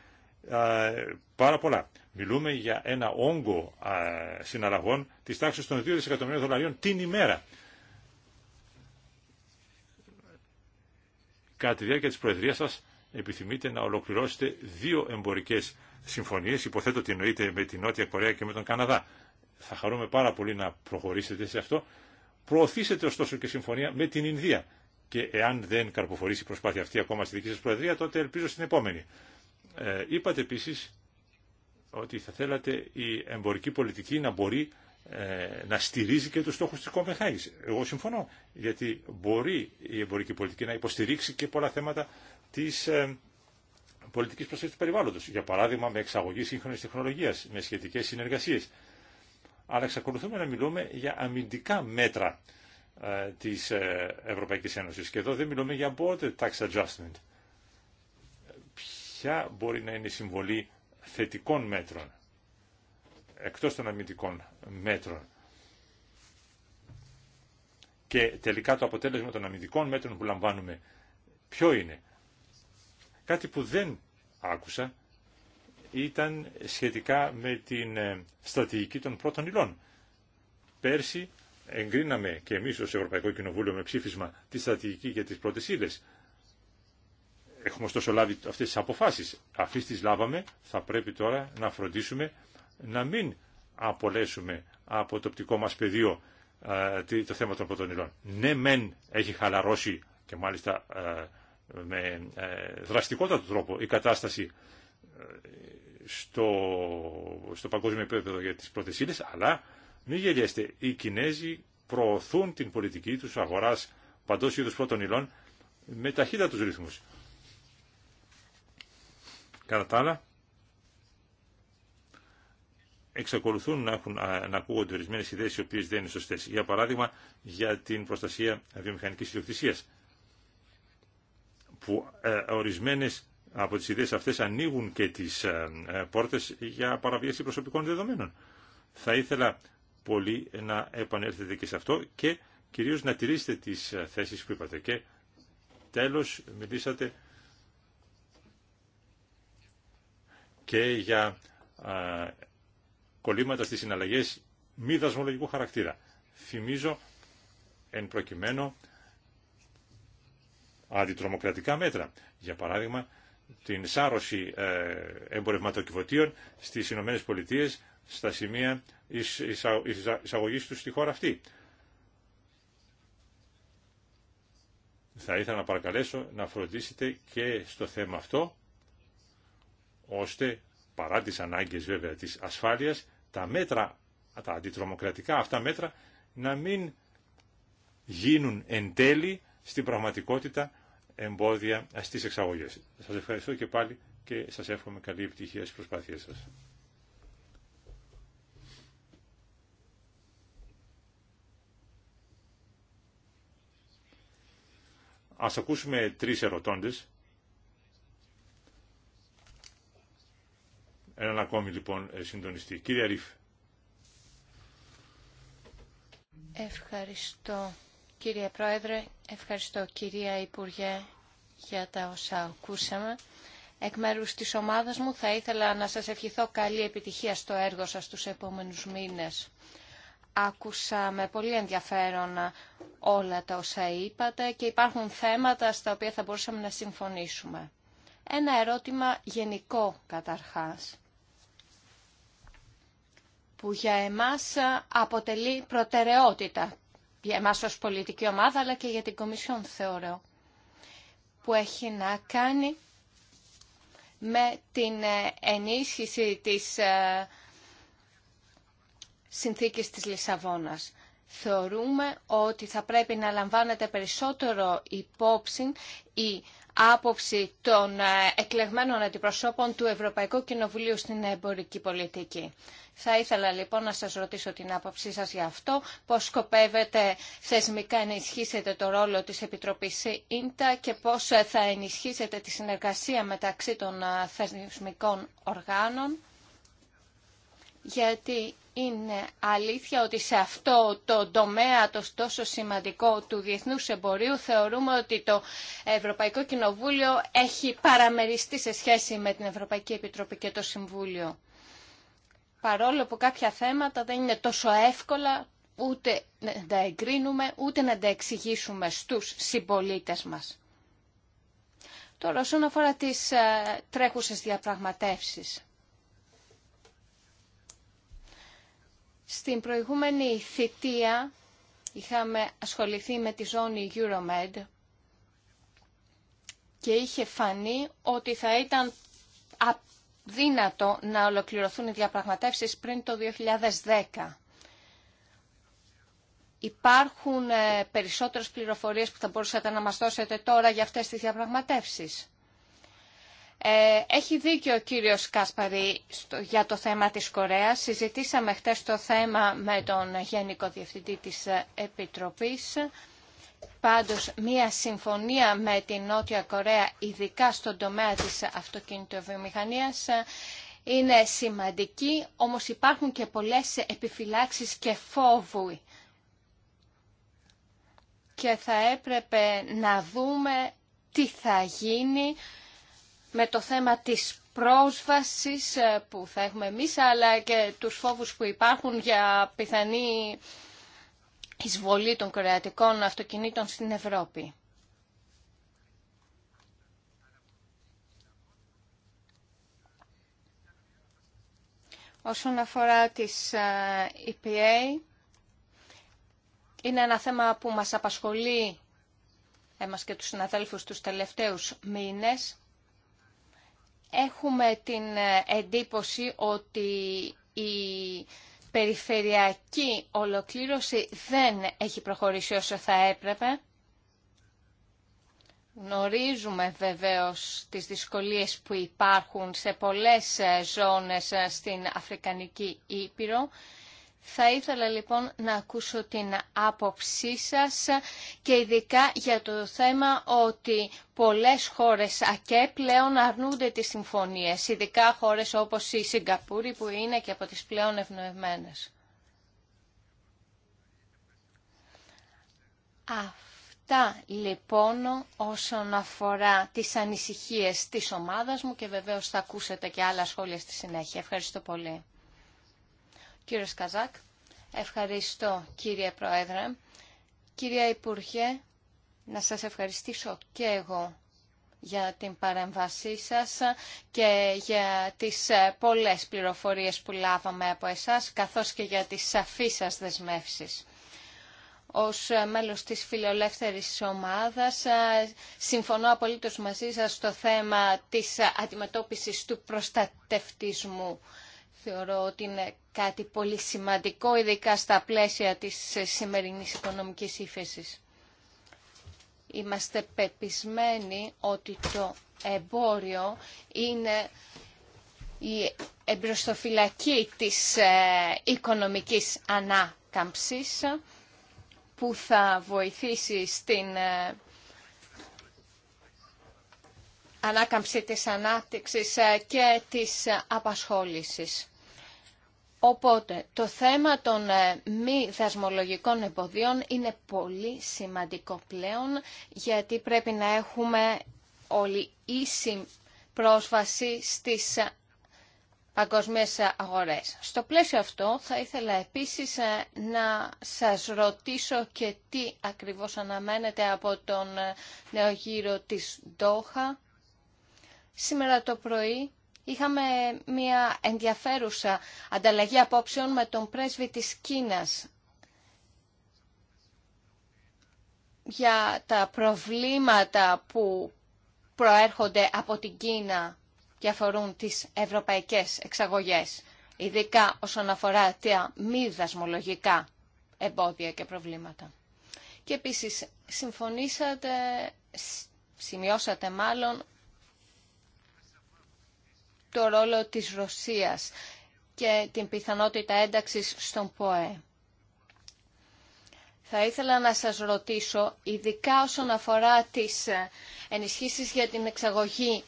πάρα πολλά. Μιλούμε για ένα όγκο συναλλαγών της τάξης των 2 δισεκατομμυρίων δολαρίων την ημέρα. Κατά τη διάρκεια της Προεδρίας σας επιθυμείτε να ολοκληρώσετε δύο εμπορικές συμφωνίες, υποθέτω ότι εννοείται με την Νότια Κορέα και με τον Καναδά. Θα χαρούμε πάρα πολύ να προχωρήσετε σε αυτό. Προωθήσετε ωστόσο και συμφωνία με την Ινδία. Και εάν δεν καρποφορήσει η προσπάθεια αυτή ακόμα στη δική σας Προεδρία, τότε ελπίζω στην επόμενη. Ε, είπατε επίσης ότι θα θέλατε η εμπορική πολιτική να μπορεί ε, να στηρίζει και τους στόχους της Κομπεχάγης. Εγώ συμφωνώ, γιατί μπορεί η εμπορική πολιτική να υποστηρίξει και πολλά θέματα της ε, πολιτικής προστασίας του περιβάλλοντος. Για παράδειγμα, με εξαγωγή σύγχρονης τεχνολογίας, με σχετικές συνεργασίες. Αλλά εξακολουθούμε να μιλούμε για αμυντικά μέτρα της Ευρωπαϊκής Ένωσης. Και εδώ δεν μιλούμε για border tax adjustment ποια μπορεί να είναι η συμβολή θετικών μέτρων, εκτός των αμυντικών μέτρων. Και τελικά το αποτέλεσμα των αμυντικών μέτρων που λαμβάνουμε, ποιο είναι. Κάτι που δεν άκουσα ήταν σχετικά με την ε, στρατηγική των πρώτων υλών. Πέρσι εγκρίναμε και εμείς ως Ευρωπαϊκό Κοινοβούλιο με ψήφισμα τη στρατηγική για τις πρώτες ύλες. Έχουμε ωστόσο λάβει αυτές τι αποφάσεις. Αφού τις λάβαμε, θα πρέπει τώρα να φροντίσουμε να μην απολέσουμε από το πτικό μας πεδίο το θέμα των πρωτονυλών. Ναι, μεν έχει χαλαρώσει και μάλιστα με δραστικότατο τρόπο η κατάσταση στο, στο παγκόσμιο επίπεδο για τις πρώτες αλλά μην γελιέστε, οι Κινέζοι προωθούν την πολιτική τους αγοράς παντός είδους πρώτων υλών με ρυθμούς. Κατά τα άλλα, εξακολουθούν να, έχουν, να ακούγονται ορισμένε ιδέε οι οποίε δεν είναι σωστέ. Για παράδειγμα, για την προστασία βιομηχανική ιδιοκτησία. Που ε, ορισμένε από τι ιδέε αυτέ ανοίγουν και τι ε, ε πόρτε για παραβίαση προσωπικών δεδομένων. Θα ήθελα πολύ να επανέλθετε και σε αυτό και κυρίως να τηρήσετε τι ε, θέσεις που είπατε. Και τέλο, μιλήσατε και για κολλήματα στις συναλλαγές μη δασμολογικού χαρακτήρα. Θυμίζω εν προκειμένου αντιτρομοκρατικά μέτρα. Για παράδειγμα, την σάρωση ε, εμπορευματοκιβωτίων στις Ηνωμένες Πολιτείες στα σημεία εισαγωγής τους στη χώρα αυτή. Θα ήθελα να παρακαλέσω να φροντίσετε και στο θέμα αυτό ώστε παρά τις ανάγκες βέβαια της ασφάλειας, τα μέτρα, τα αντιτρομοκρατικά αυτά μέτρα να μην γίνουν εν τέλει στην πραγματικότητα εμπόδια στις εξαγωγές. Σας ευχαριστώ και πάλι και σας εύχομαι καλή επιτυχία στις προσπάθειές σας. Ας ακούσουμε τρεις ερωτώντες Έναν ακόμη λοιπόν ε, συντονιστή. Κύριε Ρίφ. Ευχαριστώ κύριε Πρόεδρε, ευχαριστώ κυρία Υπουργέ για τα όσα ακούσαμε. Εκ μέρους της ομάδας μου θα ήθελα να σας ευχηθώ καλή επιτυχία στο έργο σας τους επόμενους μήνες. Άκουσα με πολύ ενδιαφέρον όλα τα όσα είπατε και υπάρχουν θέματα στα οποία θα μπορούσαμε να συμφωνήσουμε. Ένα ερώτημα γενικό καταρχάς που για εμάς αποτελεί προτεραιότητα, για εμάς ως πολιτική ομάδα, αλλά και για την Κομισιόν θεωρώ, που έχει να κάνει με την ε, ενίσχυση της ε, συνθήκης της Λισαβόνας. Θεωρούμε ότι θα πρέπει να λαμβάνεται περισσότερο υπόψη η άποψη των ε, εκλεγμένων αντιπροσώπων του Ευρωπαϊκού Κοινοβουλίου στην εμπορική πολιτική. Θα ήθελα λοιπόν να σας ρωτήσω την άποψή σας για αυτό, πώς σκοπεύετε θεσμικά να ενισχύσετε το ρόλο της Επιτροπής ΙΝΤΑ και πώς θα ενισχύσετε τη συνεργασία μεταξύ των θεσμικών οργάνων, γιατί είναι αλήθεια ότι σε αυτό το τομέα το τόσο σημαντικό του διεθνούς εμπορίου θεωρούμε ότι το Ευρωπαϊκό Κοινοβούλιο έχει παραμεριστεί σε σχέση με την Ευρωπαϊκή Επιτροπή και το Συμβούλιο παρόλο που κάποια θέματα δεν είναι τόσο εύκολα ούτε να τα εγκρίνουμε, ούτε να τα εξηγήσουμε στους συμπολίτες μας. Τώρα, όσον αφορά τις ε, τρέχουσες διαπραγματεύσεις. Στην προηγούμενη θητεία είχαμε ασχοληθεί με τη ζώνη Euromed και είχε φανεί ότι θα ήταν δύνατο να ολοκληρωθούν οι διαπραγματεύσεις πριν το 2010. Υπάρχουν ε, περισσότερες πληροφορίες που θα μπορούσατε να μας δώσετε τώρα για αυτές τις διαπραγματεύσεις. Ε, έχει δίκιο ο κύριος Κάσπαρη για το θέμα της Κορέας. Συζητήσαμε χτες το θέμα με τον Γενικό Διευθυντή της ε, Επιτροπής. Πάντως, μία συμφωνία με την Νότια Κορέα, ειδικά στον τομέα της αυτοκινητοβιομηχανίας, είναι σημαντική, όμως υπάρχουν και πολλές επιφυλάξεις και φόβοι. Και θα έπρεπε να δούμε τι θα γίνει με το θέμα της πρόσβασης ε, που θα έχουμε εμείς, αλλά και τους φόβους που υπάρχουν για πιθανή εισβολή των κορεατικών αυτοκινήτων στην Ευρώπη. Όσον αφορά τις EPA, είναι ένα θέμα που μας απασχολεί εμάς και τους συναδέλφους τους τελευταίους μήνες. Έχουμε την ε, εντύπωση ότι η περιφερειακή ολοκλήρωση δεν έχει προχωρήσει όσο θα έπρεπε. Γνωρίζουμε βεβαίως τις δυσκολίες που υπάρχουν σε πολλές ε, ζώνες ε, στην Αφρικανική Ήπειρο θα ήθελα λοιπόν να ακούσω την άποψή σας και ειδικά για το θέμα ότι πολλές χώρες ΑΚΕ πλέον αρνούνται τις συμφωνίες, ειδικά χώρες όπως η Σιγκαπούρη που είναι και από τις πλέον ευνοευμένες. Αυτά λοιπόν όσον αφορά τις ανησυχίες της ομάδας μου και βεβαίως θα ακούσετε και άλλα σχόλια στη συνέχεια. Ευχαριστώ πολύ. Κύριος Καζάκ. Ευχαριστώ κύριε Πρόεδρε. Κυρία Υπουργέ, να σας ευχαριστήσω και εγώ για την παρέμβασή σας και για τις ε, πολλές πληροφορίες που λάβαμε από εσάς, καθώς και για τις σαφείς σας δεσμεύσεις. Ως ε, μέλος της φιλελεύθερης ομάδας, ε, συμφωνώ απολύτως μαζί σας στο θέμα της αντιμετώπισης του προστατευτισμού. Θεωρώ ότι είναι κάτι πολύ σημαντικό, ειδικά στα πλαίσια της σημερινής οικονομικής ύφεσης. Είμαστε πεπισμένοι ότι το εμπόριο είναι η εμπροστοφυλακή της ε, οικονομικής ανάκαμψης που θα βοηθήσει στην ε, ανάκαμψη της ανάπτυξης ε, και της ε, απασχόλησης. Οπότε, το θέμα των ε, μη δασμολογικών εμποδίων είναι πολύ σημαντικό πλέον, γιατί πρέπει να έχουμε όλη ίση πρόσβαση στις παγκοσμίες αγορές. Στο πλαίσιο αυτό θα ήθελα επίσης να σας ρωτήσω και τι ακριβώς αναμένετε από τον νέο της Ντόχα Σήμερα το πρωί είχαμε μια ενδιαφέρουσα ανταλλαγή απόψεων με τον πρέσβη της Κίνας για τα προβλήματα που προέρχονται από την Κίνα και αφορούν τις ευρωπαϊκές εξαγωγές, ειδικά όσον αφορά τα μη δασμολογικά εμπόδια και προβλήματα. Και επίσης συμφωνήσατε, σημειώσατε μάλλον, το ρόλο της Ρωσίας και την πιθανότητα ένταξης στον ΠΟΕ. Θα ήθελα να σας ρωτήσω, ειδικά όσον αφορά τις ενισχύσεις για την εξαγωγή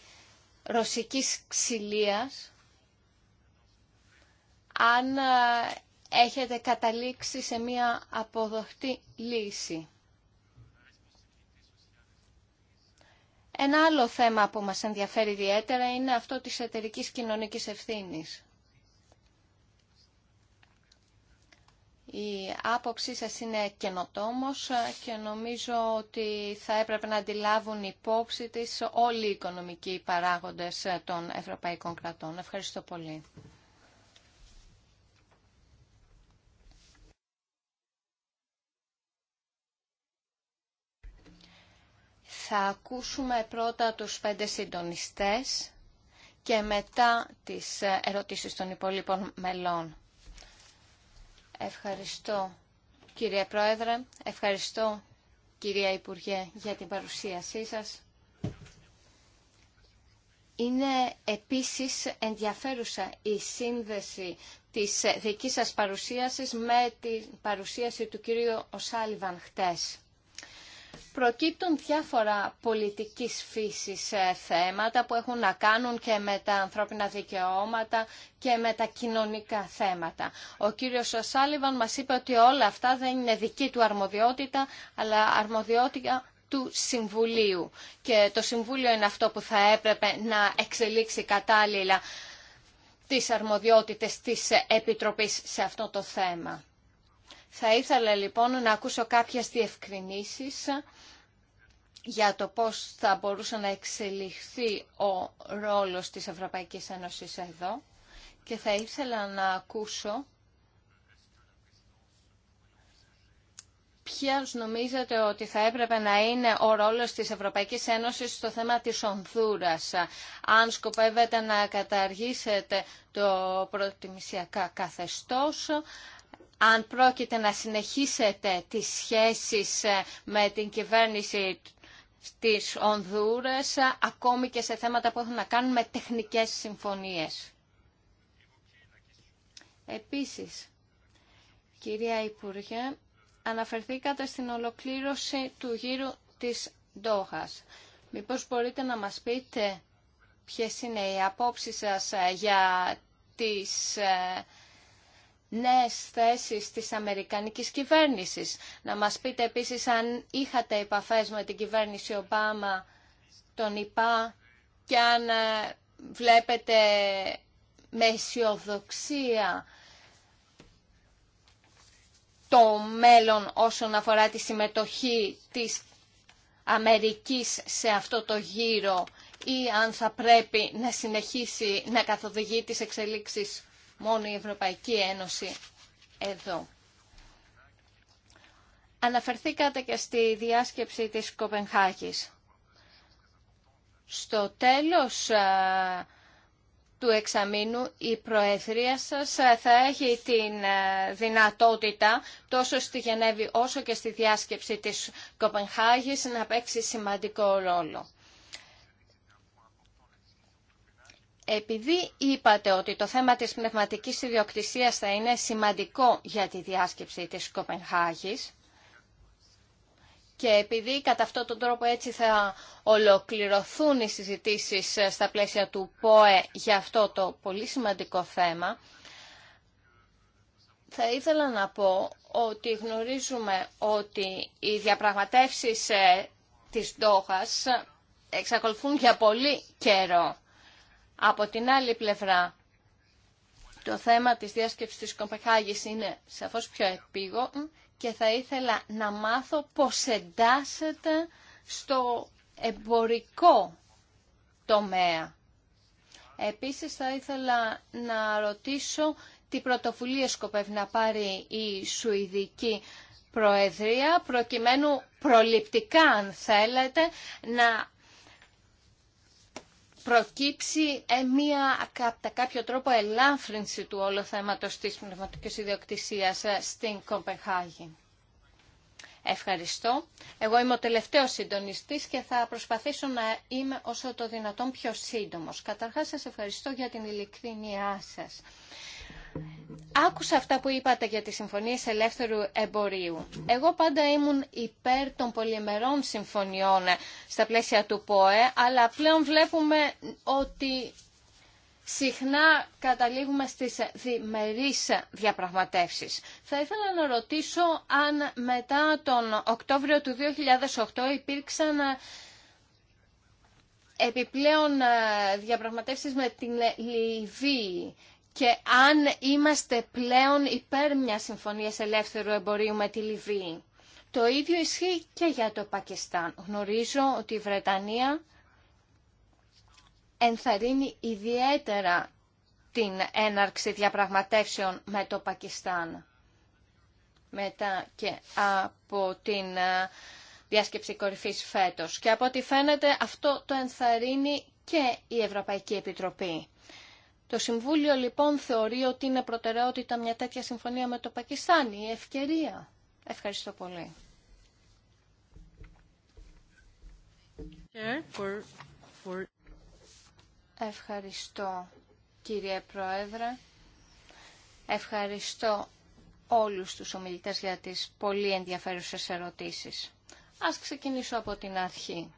ρωσικής ξυλίας, αν ε, έχετε καταλήξει σε μία αποδοχτή λύση. Ένα άλλο θέμα που μας ενδιαφέρει ιδιαίτερα είναι αυτό της εταιρικής κοινωνικής ευθύνης. Η άποψή σας είναι καινοτόμος ε, και νομίζω ότι θα έπρεπε να αντιλάβουν υπόψη της όλοι οι οικονομικοί παράγοντες ε, των ευρωπαϊκών κρατών. Ευχαριστώ πολύ. Θα ακούσουμε πρώτα τους πέντε συντονιστές και μετά τις ερωτήσεις των υπόλοιπων μελών. Ευχαριστώ κύριε Πρόεδρε, ευχαριστώ κυρία Υπουργέ για την παρουσίασή σας. Είναι επίσης ενδιαφέρουσα η σύνδεση της δικής σας παρουσίασης με την παρουσίαση του κυρίου Οσάλιβαν χτες προκύπτουν διάφορα πολιτικής φύσης ε, θέματα που έχουν να κάνουν και με τα ανθρώπινα δικαιώματα και με τα κοινωνικά θέματα. Ο κύριος Σάλιβαν μας είπε ότι όλα αυτά δεν είναι δική του αρμοδιότητα, αλλά αρμοδιότητα του Συμβουλίου. Και το Συμβούλιο είναι αυτό που θα έπρεπε να εξελίξει κατάλληλα τις αρμοδιότητες της Επιτροπής σε αυτό το θέμα. Θα ήθελα λοιπόν να ακούσω κάποιες διευκρινήσεις για το πώς θα μπορούσε να εξελιχθεί ο ρόλος της Ευρωπαϊκής Ένωσης εδώ και θα ήθελα να ακούσω ποιος νομίζετε ότι θα έπρεπε να είναι ο ρόλος της Ευρωπαϊκής Ένωσης στο θέμα της Ονδούρας, αν σκοπεύετε να καταργήσετε το προτιμησιακά καθεστώς, αν πρόκειται να συνεχίσετε τις σχέσεις ε, με την κυβέρνηση της Ονδούρες, ε, ακόμη και σε θέματα που έχουν να κάνουν με τεχνικές συμφωνίες. Επίσης, κυρία Υπουργέ, αναφερθήκατε στην ολοκλήρωση του γύρου της Ντόχας. Μήπως μπορείτε να μας πείτε ποιες είναι οι απόψεις σας ε, για τις νέες θέσεις της Αμερικανικής κυβέρνησης. Να μας πείτε επίσης αν είχατε επαφές με την κυβέρνηση Ομπάμα, τον ΙΠΑ και αν ε, βλέπετε με αισιοδοξία το μέλλον όσον αφορά τη συμμετοχή της Αμερικής σε αυτό το γύρο ή αν θα πρέπει να συνεχίσει να καθοδηγεί τις εξελίξεις μόνο η Ευρωπαϊκή Ένωση εδώ. Αναφερθήκατε και στη διάσκεψη της Κοπενχάγης. Στο τέλος ε, του εξαμήνου η Προεδρία σας ε, θα έχει την ε, δυνατότητα τόσο στη Γενέβη όσο και στη διάσκεψη της Κοπενχάγης να παίξει σημαντικό ρόλο. Επειδή είπατε ότι το θέμα της πνευματικής ιδιοκτησίας θα είναι σημαντικό για τη διάσκεψη της Κοπενχάγης και επειδή κατά αυτόν τον τρόπο έτσι θα ολοκληρωθούν οι συζητήσεις στα πλαίσια του ΠΟΕ για αυτό το πολύ σημαντικό θέμα, θα ήθελα να πω ότι γνωρίζουμε ότι οι διαπραγματεύσεις ε, της Ντόχας εξακολουθούν για πολύ καιρό. Από την άλλη πλευρά, το θέμα της διάσκεψης της Κομπεχάγης είναι σαφώς πιο επίγον και θα ήθελα να μάθω πώς εντάσσεται στο εμπορικό τομέα. Επίσης θα ήθελα να ρωτήσω τι πρωτοβουλία σκοπεύει να πάρει η Σουηδική Προεδρία προκειμένου προληπτικά αν θέλετε να προκύψει ε, μια κατά κάποιο τρόπο ελάφρυνση του όλου θέματος της πνευματικής ιδιοκτησίας ε, στην Κομπεχάγη. Ευχαριστώ. Εγώ είμαι ο τελευταίος συντονιστής και θα προσπαθήσω να είμαι όσο το δυνατόν πιο σύντομος. Καταρχάς σας ευχαριστώ για την ειλικρίνειά σας. Άκουσα αυτά που είπατε για τις συμφωνίες ελεύθερου εμπορίου. Εγώ πάντα ήμουν υπέρ των πολυμερών συμφωνιών στα πλαίσια του ΠΟΕ, αλλά πλέον βλέπουμε ότι συχνά καταλήγουμε στις διμερείς διαπραγματεύσεις. Θα ήθελα να ρωτήσω αν μετά τον Οκτώβριο του 2008 υπήρξαν επιπλέον διαπραγματεύσεις με την Λιβύη και αν είμαστε πλέον υπέρ μια συμφωνίας ελεύθερου εμπορίου με τη Λιβύη. Το ίδιο ισχύει και για το Πακιστάν. Γνωρίζω ότι η Βρετανία ενθαρρύνει ιδιαίτερα την έναρξη διαπραγματεύσεων με το Πακιστάν. Μετά και από την ε, διάσκεψη κορυφής φέτος. Και από ό,τι φαίνεται αυτό το ενθαρρύνει και η Ευρωπαϊκή Επιτροπή. Το Συμβούλιο λοιπόν θεωρεί ότι είναι προτεραιότητα μια τέτοια συμφωνία με το Πακιστάν, η ευκαιρία. Ευχαριστώ πολύ. Ευχαριστώ κύριε Πρόεδρε. Ευχαριστώ όλους τους ομιλητές για τις πολύ ενδιαφέρουσες ερωτήσεις. Ας ξεκινήσω από την αρχή.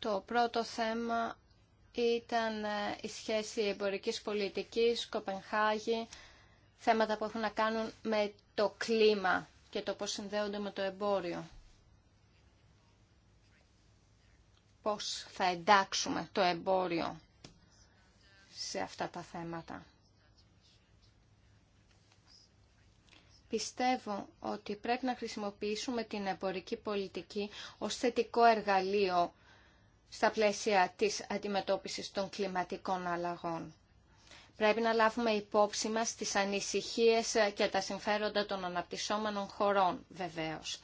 Το πρώτο θέμα ήταν ε, η σχέση εμπορικής πολιτικής, Κοπενχάγη, θέματα που έχουν να κάνουν με το κλίμα και το πώς συνδέονται με το εμπόριο. Πώς θα εντάξουμε το εμπόριο σε αυτά τα θέματα. Πιστεύω ότι πρέπει να χρησιμοποιήσουμε την εμπορική πολιτική ως θετικό εργαλείο στα πλαίσια της αντιμετώπισης των κλιματικών αλλαγών. Πρέπει να λάβουμε υπόψη μας τις ανησυχίες και τα συμφέροντα των αναπτυσσόμενων χωρών, βεβαίως.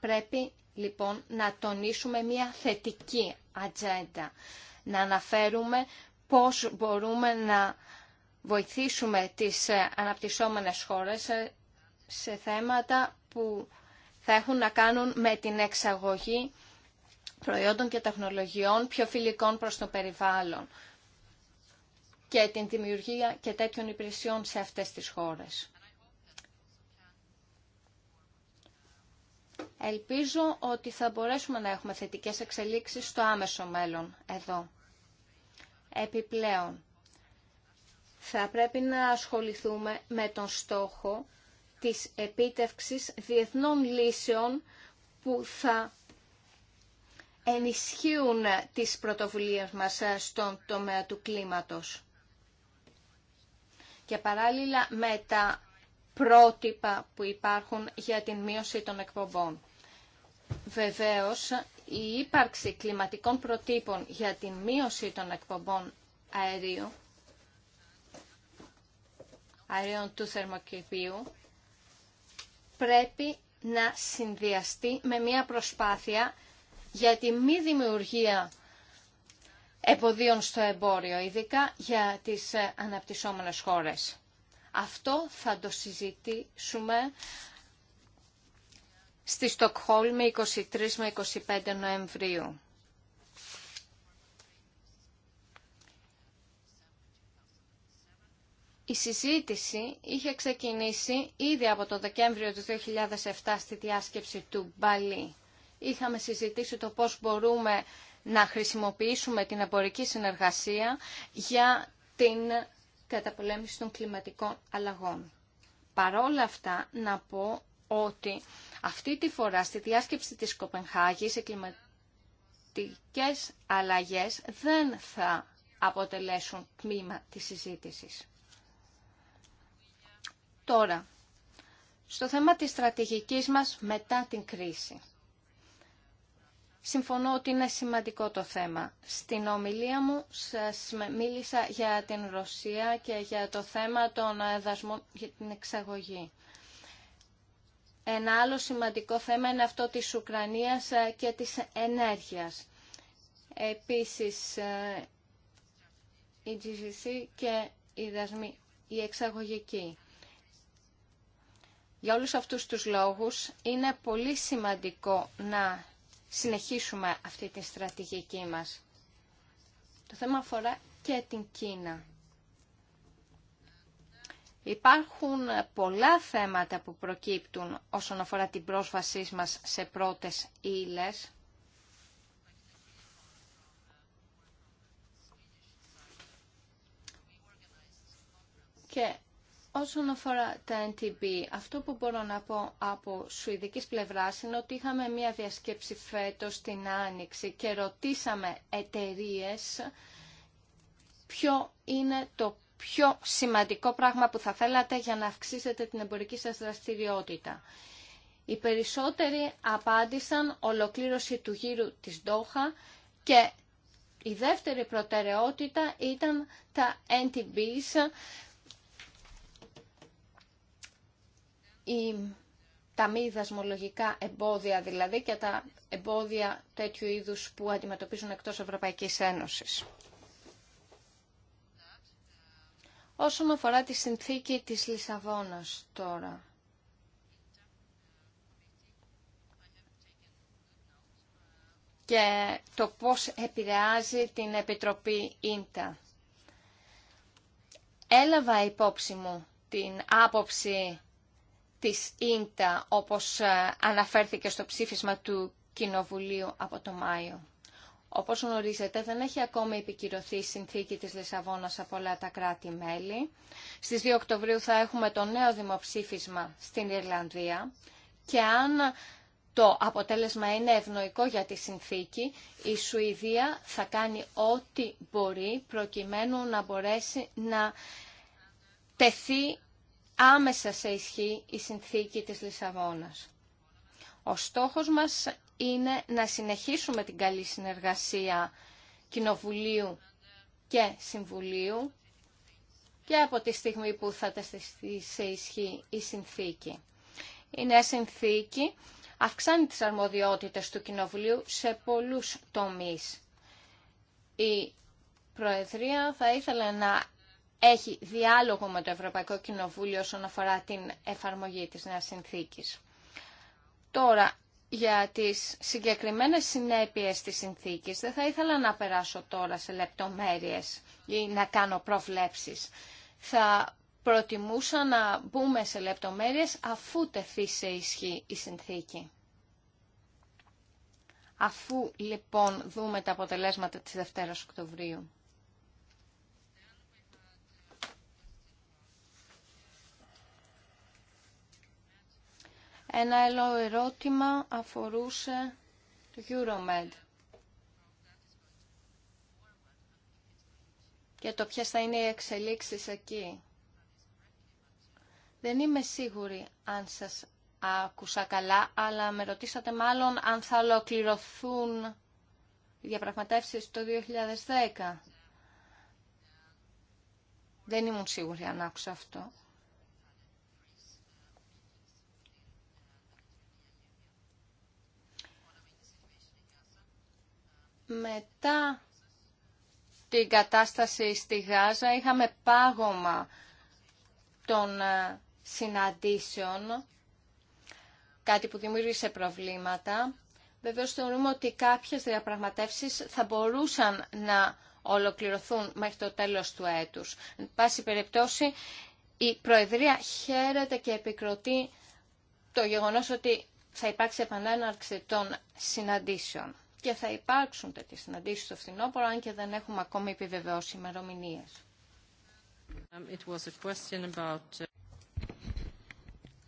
Πρέπει λοιπόν να τονίσουμε μια θετική ατζέντα, να αναφέρουμε πώς μπορούμε να βοηθήσουμε τις αναπτυσσόμενες χώρες σε θέματα που θα έχουν να κάνουν με την εξαγωγή προϊόντων και τεχνολογιών πιο φιλικών προς το περιβάλλον και την δημιουργία και τέτοιων υπηρεσιών σε αυτές τις χώρες. Ελπίζω ότι θα μπορέσουμε να έχουμε θετικές εξελίξεις στο άμεσο μέλλον εδώ. Επιπλέον, θα πρέπει να ασχοληθούμε με τον στόχο της επίτευξης διεθνών λύσεων που θα ενισχύουν τις πρωτοβουλίες μας ε, στον τομέα του κλίματος. Και παράλληλα με τα πρότυπα που υπάρχουν για την μείωση των εκπομπών. Βεβαίως, η ύπαρξη κλιματικών προτύπων για την μείωση των εκπομπών αερίου, αερίων του θερμοκηπίου, πρέπει να συνδυαστεί με μια προσπάθεια για τη μη δημιουργία εποδίων στο εμπόριο, ειδικά για τις ε, αναπτυσσόμενες χώρες. Αυτό θα το συζητήσουμε στη Στοκχόλμη 23 με 25 Νοεμβρίου. Η συζήτηση είχε ξεκινήσει ήδη από το Δεκέμβριο του 2007 στη διάσκεψη του Μπαλί είχαμε συζητήσει το πώς μπορούμε να χρησιμοποιήσουμε την εμπορική συνεργασία για την καταπολέμηση των κλιματικών αλλαγών. Παρόλα αυτά, να πω ότι αυτή τη φορά στη διάσκεψη της Κοπενχάγης οι κλιματικές αλλαγές δεν θα αποτελέσουν τμήμα της συζήτησης. Τώρα, στο θέμα της στρατηγικής μας μετά την κρίση. Συμφωνώ ότι είναι σημαντικό το θέμα. Στην ομιλία μου σας μίλησα για την Ρωσία και για το θέμα των δασμών για την εξαγωγή. Ένα άλλο σημαντικό θέμα είναι αυτό της Ουκρανίας ε, και της ενέργειας. Επίσης, ε, η GCC και η εξαγωγική. Για όλους αυτούς τους λόγους είναι πολύ σημαντικό να συνεχίσουμε αυτή τη στρατηγική μας. Το θέμα αφορά και την Κίνα. Υπάρχουν πολλά θέματα που προκύπτουν όσον αφορά την πρόσβασή μας σε πρώτες ύλες. Και Όσον αφορά τα NTB, αυτό που μπορώ να πω από σουηδικής πλευράς είναι ότι είχαμε μια διασκέψη φέτος στην Άνοιξη και ρωτήσαμε εταιρείε ποιο είναι το πιο σημαντικό πράγμα που θα θέλατε για να αυξήσετε την εμπορική σας δραστηριότητα. Οι περισσότεροι απάντησαν ολοκλήρωση του γύρου της Ντόχα και η δεύτερη προτεραιότητα ήταν τα NTBs ή τα μη δασμολογικά εμπόδια δηλαδή και τα εμπόδια τέτοιου είδους που αντιμετωπίζουν εκτός Ευρωπαϊκής Ένωσης. Όσον αφορά τη συνθήκη της Λισαβόνας τώρα, και το πώς επηρεάζει την Επιτροπή Ίντα. Έλαβα υπόψη μου την άποψη της ίντα όπως ε, αναφέρθηκε στο ψήφισμα του Κοινοβουλίου από το Μάιο. Όπως γνωρίζετε, δεν έχει ακόμη επικυρωθεί η συνθήκη της Λισαβόνας από όλα τα κράτη-μέλη. Στις 2 Οκτωβρίου θα έχουμε το νέο δημοψήφισμα στην Ιρλανδία και αν το αποτέλεσμα είναι ευνοϊκό για τη συνθήκη, η Σουηδία θα κάνει ό,τι μπορεί προκειμένου να μπορέσει να τεθεί άμεσα σε ισχύ η συνθήκη της Λισαβόνας. Ο στόχος μας είναι να συνεχίσουμε την καλή συνεργασία Κοινοβουλίου και Συμβουλίου και από τη στιγμή που θα τεστηθεί σε ισχύ η συνθήκη. Η νέα συνθήκη αυξάνει τις αρμοδιότητες του Κοινοβουλίου σε πολλούς τομείς. Η Προεδρία θα ήθελε να έχει διάλογο με το Ευρωπαϊκό Κοινοβούλιο όσον αφορά την εφαρμογή της νέας συνθήκης. Τώρα, για τις συγκεκριμένες συνέπειες της συνθήκης δεν θα ήθελα να περάσω τώρα σε λεπτομέρειες ή να κάνω προβλέψεις. Θα προτιμούσα να μπούμε σε λεπτομέρειες αφού τεθεί σε ισχύ η συνθήκη. Αφού λοιπόν δούμε τα αποτελέσματα της Δευτέρας Οκτωβρίου. Ένα άλλο ερώτημα αφορούσε το Euromed και το ποιες θα είναι οι εξελίξεις εκεί. Δεν είμαι σίγουρη αν σας άκουσα καλά, αλλά με ρωτήσατε μάλλον αν θα ολοκληρωθούν οι διαπραγματεύσεις το 2010. Δεν ήμουν σίγουρη αν άκουσα αυτό. Μετά την κατάσταση στη Γάζα είχαμε πάγωμα των ε, συναντήσεων, κάτι που δημιούργησε προβλήματα. Βεβαίως θεωρούμε ότι κάποιες διαπραγματεύσεις θα μπορούσαν να ολοκληρωθούν μέχρι το τέλος του έτους. Εν πάση περιπτώσει, η Προεδρία χαίρεται και επικροτεί το γεγονός ότι θα υπάρξει επανέναρξη των συναντήσεων και θα υπάρξουν τέτοιες συναντήσεις στο φθινόπωρο, αν και δεν έχουμε ακόμη επιβεβαιώσει ημερομηνίε. Um, about... Uh,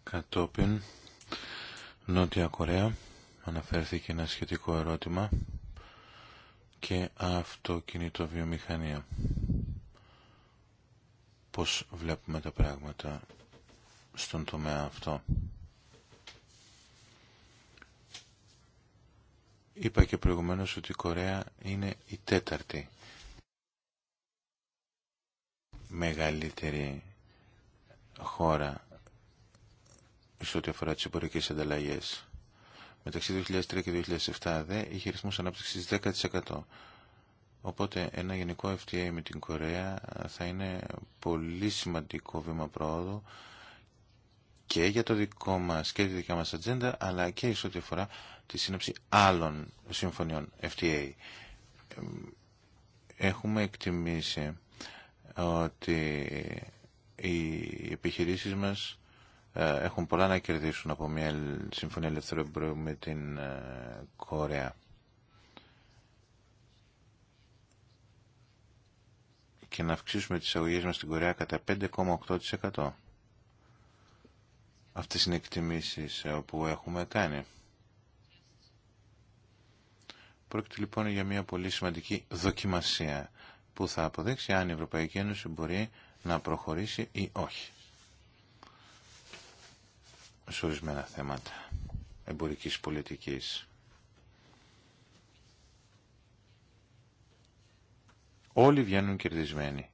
Κατόπιν, Νότια Κορέα, αναφέρθηκε ένα σχετικό ερώτημα και αυτοκινητοβιομηχανία. Πώς βλέπουμε τα πράγματα στον τομέα αυτό. Είπα και προηγουμένως ότι η Κορέα είναι η τέταρτη μεγαλύτερη χώρα σε ό,τι αφορά τις εμπορικές ανταλλαγές. Μεταξύ 2003 και 2007 δε είχε ρυθμούς ανάπτυξης 10%. Οπότε ένα γενικό FTA με την Κορέα θα είναι πολύ σημαντικό βήμα πρόοδου και για το δικό μας και τη δικιά μας ατζέντα αλλά και εις ό,τι αφορά τη σύνοψη άλλων συμφωνιών FTA. Έχουμε εκτιμήσει ότι οι επιχειρήσεις μας ε, έχουν πολλά να κερδίσουν από μια συμφωνία ελευθερών με την ε, Κορέα. και να αυξήσουμε τις αγωγές μας στην Κορέα κατά 5,8% αυτές είναι εκτιμήσεις ε, που έχουμε κάνει. Πρόκειται λοιπόν για μια πολύ σημαντική δοκιμασία που θα αποδείξει αν η Ευρωπαϊκή Ένωση μπορεί να προχωρήσει ή όχι. Σε ορισμένα θέματα εμπορικής πολιτικής. Όλοι βγαίνουν κερδισμένοι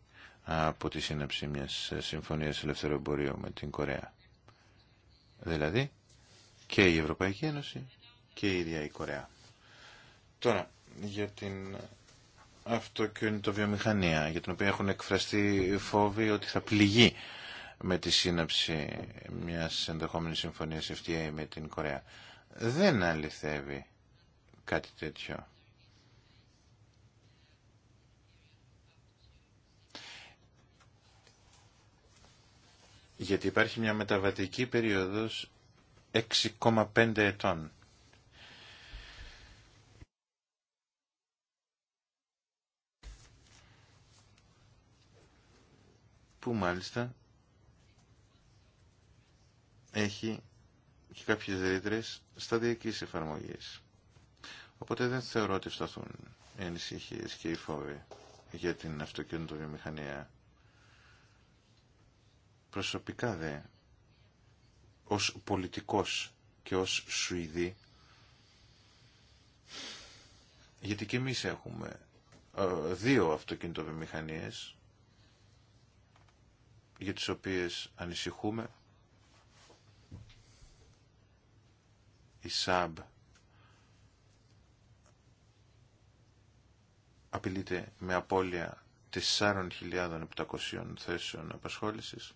από τη σύναψη μιας συμφωνίας ελευθερού με την Κορέα. Δηλαδή και η Ευρωπαϊκή Ένωση και η ίδια η Κορέα. Τώρα, για την αυτοκινητοβιομηχανία, για την οποία έχουν εκφραστεί φόβοι ότι θα πληγεί με τη σύναψη μιας ενδεχόμενης συμφωνίας FTA με την Κορέα. Δεν αληθεύει κάτι τέτοιο. γιατί υπάρχει μια μεταβατική περίοδος 6,5 ετών. που μάλιστα έχει και κάποιες ρήτρες σταδιακής εφαρμογής. Οπότε δεν θεωρώ ότι φταθούν οι ανησυχίες και οι φόβοι για την αυτοκίνητο Προσωπικά δε, ως πολιτικός και ως Σουηδή, γιατί και εμείς έχουμε ε, δύο αυτοκινητοβιομηχανίες για τις οποίες ανησυχούμε. Η ΣΑΜΠ απειλείται με απώλεια 4.700 θέσεων απασχόλησης.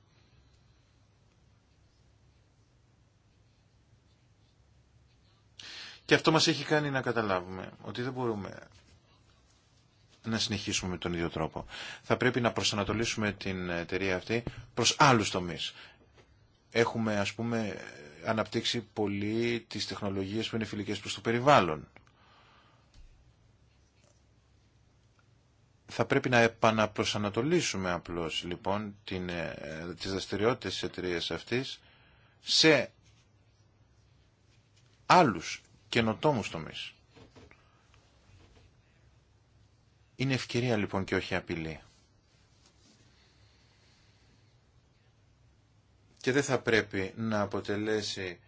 Και αυτό μας έχει κάνει να καταλάβουμε ότι δεν μπορούμε να συνεχίσουμε με τον ίδιο τρόπο. Θα πρέπει να προσανατολίσουμε την εταιρεία αυτή προς άλλους τομείς. Έχουμε ας πούμε αναπτύξει πολύ τις τεχνολογίες που είναι φιλικές προς το περιβάλλον. Θα πρέπει να επαναπροσανατολίσουμε απλώς λοιπόν την, ε, τις δραστηριότητες της εταιρείας αυτής σε άλλους καινοτόμου τομεί. Είναι ευκαιρία λοιπόν και όχι απειλή. Και δεν θα πρέπει να αποτελέσει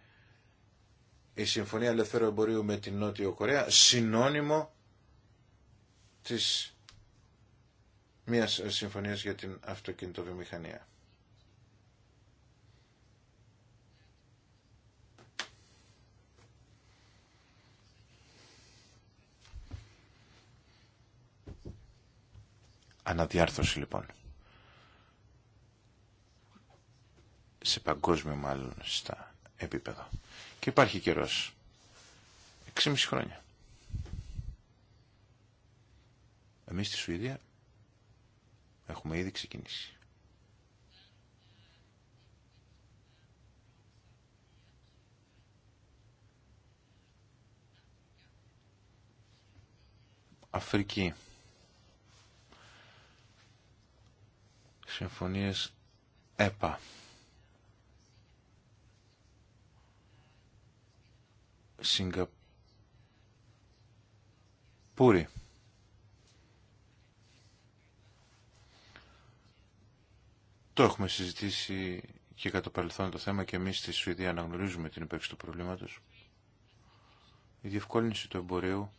η Συμφωνία Ελευθέρου Εμπορίου με την Νότιο Κορέα συνώνυμο της μιας συμφωνίας για την αυτοκινητοβιομηχανία. Αναδιάρθρωση λοιπόν. Σε παγκόσμιο μάλλον στα επίπεδα. Και υπάρχει καιρός. 6,5 χρόνια. Εμείς στη Σουηδία έχουμε ήδη ξεκινήσει. Αφρική. συμφωνίες ΕΠΑ. Σιγκαπούρη. Το έχουμε συζητήσει και κατά παρελθόν το θέμα και εμείς στη Σουηδία αναγνωρίζουμε την υπέρξη του προβλήματος. Η διευκόλυνση του εμπορίου,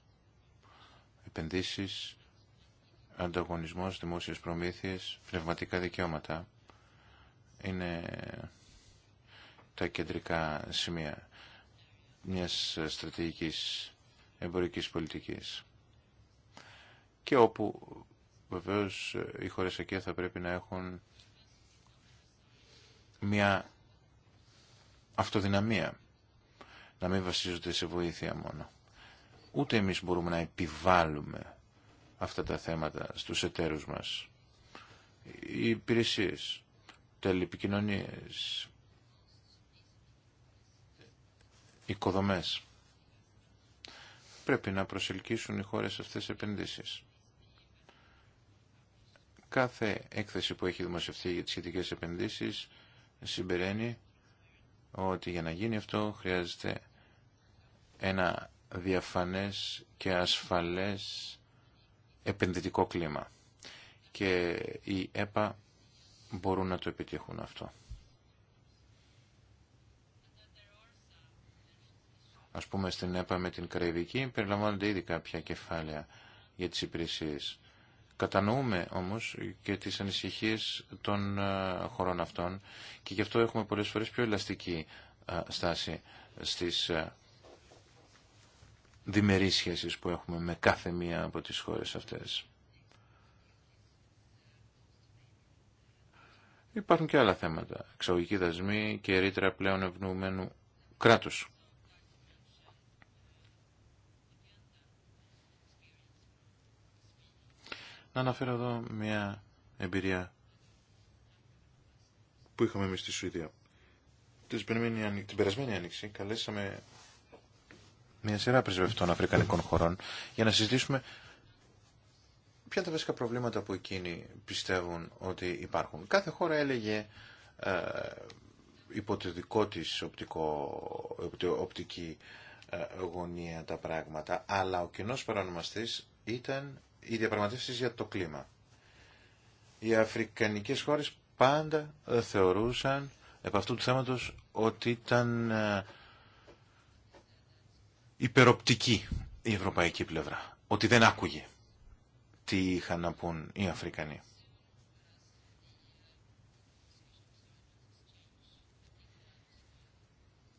επενδύσεις, ανταγωνισμός, δημόσιες προμήθειες, πνευματικά δικαιώματα είναι τα κεντρικά σημεία μιας στρατηγικής εμπορικής πολιτικής. Και όπου βεβαίως οι χώρες εκεί θα πρέπει να έχουν μια αυτοδυναμία, να μην βασίζονται σε βοήθεια μόνο. Ούτε εμείς μπορούμε να επιβάλλουμε αυτά τα θέματα στους εταίρους μας. Οι υπηρεσίες, τελεπικοινωνίες, οικοδομές πρέπει να προσελκύσουν οι χώρες αυτές επενδύσεις. Κάθε έκθεση που έχει δημοσιευτεί για τις σχετικές επενδύσεις συμπεραίνει ότι για να γίνει αυτό χρειάζεται ένα διαφανές και ασφαλές επενδυτικό κλίμα. Και οι ΕΠΑ μπορούν να το επιτύχουν αυτό. Ας πούμε στην ΕΠΑ με την Καραϊβική περιλαμβάνονται ήδη κάποια κεφάλαια για τις υπηρεσίες. Κατανοούμε όμως και τις ανησυχίες των ε, χωρών αυτών και γι' αυτό έχουμε πολλές φορές πιο ελαστική ε, στάση στις ε, διμερείς σχέσεις που έχουμε με κάθε μία από τις χώρες αυτές. Υπάρχουν και άλλα θέματα. Εξαγωγικοί δασμοί και ρήτρα πλέον ευνοουμένου κράτους. Να αναφέρω εδώ μια απο τις χωρες αυτες υπαρχουν και αλλα θεματα εξαγωγικοι δασμη και ρητρα πλεον ευνοουμενου κρατους να αναφερω εδω μια εμπειρια που είχαμε εμείς στη Σουηδία. Την περασμένη άνοιξη καλέσαμε μια σειρά πρεσβευτών αφρικανικών χωρών για να συζητήσουμε ποια είναι τα βασικά προβλήματα που εκείνοι πιστεύουν ότι υπάρχουν. Κάθε χώρα έλεγε ε, υπό το δικό της οπτική ε, γωνία τα πράγματα, αλλά ο κοινό παρανομαστής ήταν οι διαπραγματεύσεις για το κλίμα. Οι αφρικανικές χώρες πάντα θεωρούσαν επ' αυτού του θέματος ότι ήταν... Ε, υπεροπτική η ευρωπαϊκή πλευρά. Ότι δεν άκουγε τι είχαν να πούν οι Αφρικανοί.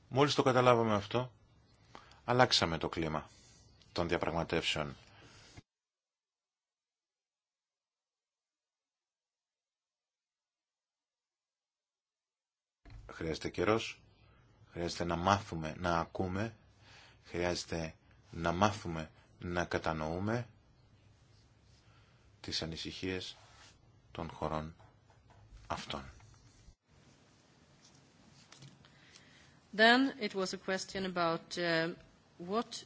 Μόλις το καταλάβαμε αυτό, αλλάξαμε το κλίμα των διαπραγματεύσεων. Χρειάζεται καιρός, χρειάζεται να μάθουμε, να ακούμε Χρειάζεται να μάθουμε να κατανοούμε τις ανησυχίες των χωρών αυτών. Then it was a question about uh, what...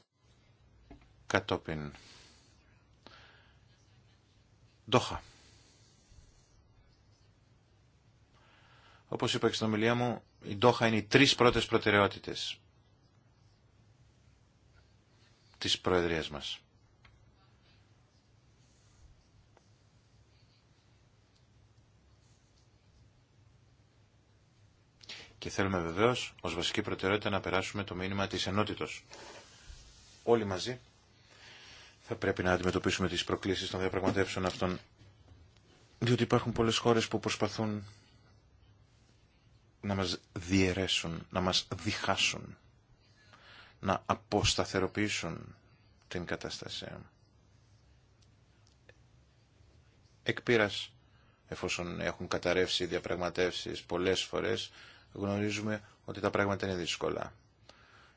Κατόπιν. Ντόχα. Όπως είπα και στην ομιλία μου, η Ντόχα είναι οι τρεις πρώτες προτεραιότητες της Προεδρίας μας. Και θέλουμε βεβαίως ως βασική προτεραιότητα να περάσουμε το μήνυμα της ενότητος. Όλοι μαζί θα πρέπει να αντιμετωπίσουμε τις προκλήσεις των διαπραγματεύσεων αυτών, διότι υπάρχουν πολλές χώρες που προσπαθούν να μας διαιρέσουν, να μας διχάσουν να αποσταθεροποιήσουν την κατάσταση. Εκπείρας, εφόσον έχουν καταρρεύσει οι διαπραγματεύσεις πολλές φορές, γνωρίζουμε ότι τα πράγματα είναι δύσκολα.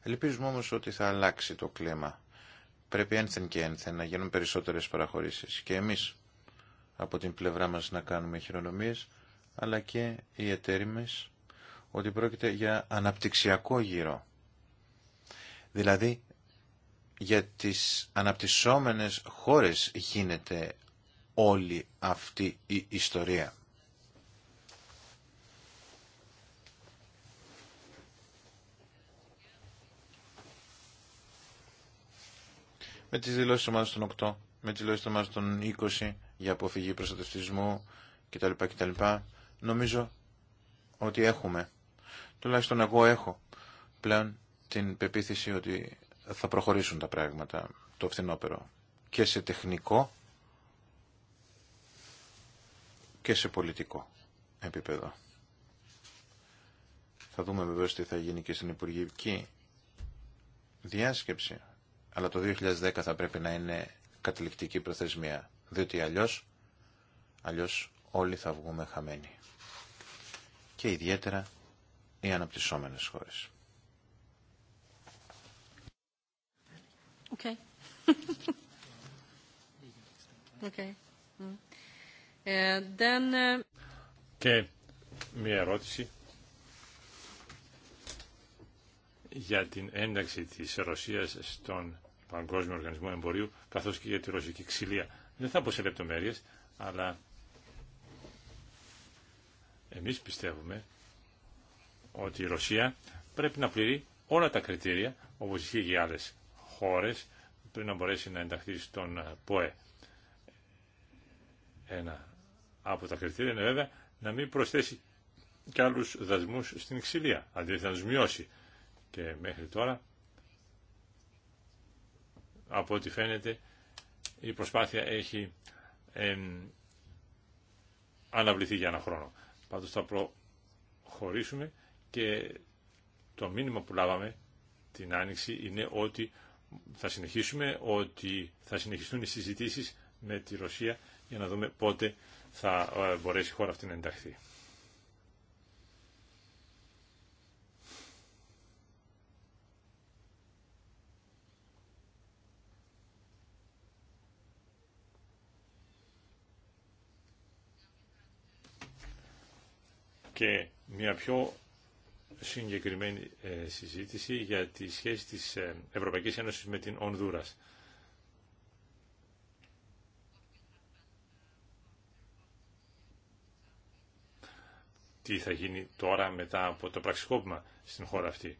Ελπίζουμε όμως ότι θα αλλάξει το κλίμα. Πρέπει ένθεν και ένθεν να γίνουν περισσότερες παραχωρήσεις και εμείς από την πλευρά μας να κάνουμε χειρονομίες, αλλά και οι εταίροι μας ότι πρόκειται για αναπτυξιακό γύρο. Δηλαδή για τις αναπτυσσόμενες χώρες γίνεται όλη αυτή η ιστορία. Με τις δηλώσεις ομάδας των 8, με τις δηλώσεις ομάδας των 20 για αποφυγή προστατευτισμού κτλ. κτλ. Νομίζω ότι έχουμε, τουλάχιστον εγώ έχω πλέον την πεποίθηση ότι θα προχωρήσουν τα πράγματα το φθινόπερο και σε τεχνικό και σε πολιτικό επίπεδο. Θα δούμε βεβαίω τι θα γίνει και στην Υπουργική διάσκεψη. Αλλά το 2010 θα πρέπει να είναι καταληκτική προθεσμία, διότι αλλιώς, αλλιώς όλοι θα βγούμε χαμένοι. Και ιδιαίτερα οι αναπτυσσόμενες χώρες. Okay. (laughs) okay. Mm. Eh, then... Eh, και μία ερώτηση για την ένταξη της Ρωσίας στον Παγκόσμιο Οργανισμό Εμπορίου καθώς και για τη ρωσική ξυλία. Δεν θα πω σε λεπτομέρειες, αλλά εμείς πιστεύουμε ότι η Ρωσία πρέπει να πληρεί όλα τα κριτήρια όπως ισχύει για άλλες χώρες πριν να μπορέσει να ενταχθεί στον ΠΟΕ. Ένα από τα κριτήρια είναι βέβαια να μην προσθέσει και άλλους δασμούς στην ξυλία, αντίθετα να του μειώσει. Και μέχρι τώρα, από ό,τι φαίνεται, η προσπάθεια έχει αναβληθεί για ένα χρόνο. Πάντως θα προχωρήσουμε και το μήνυμα που λάβαμε την Άνοιξη είναι ότι θα συνεχίσουμε ότι θα συνεχιστούν οι συζητήσεις με τη Ρωσία για να δούμε πότε θα ε, μπορέσει η χώρα αυτή να ενταχθεί. και μια πιο συγκεκριμένη ε, συζήτηση για τη σχέση της ε, Ευρωπαϊκής Ένωσης με την Ονδούρας. Τι θα γίνει τώρα μετά από το πραξικόπημα στην χώρα αυτή.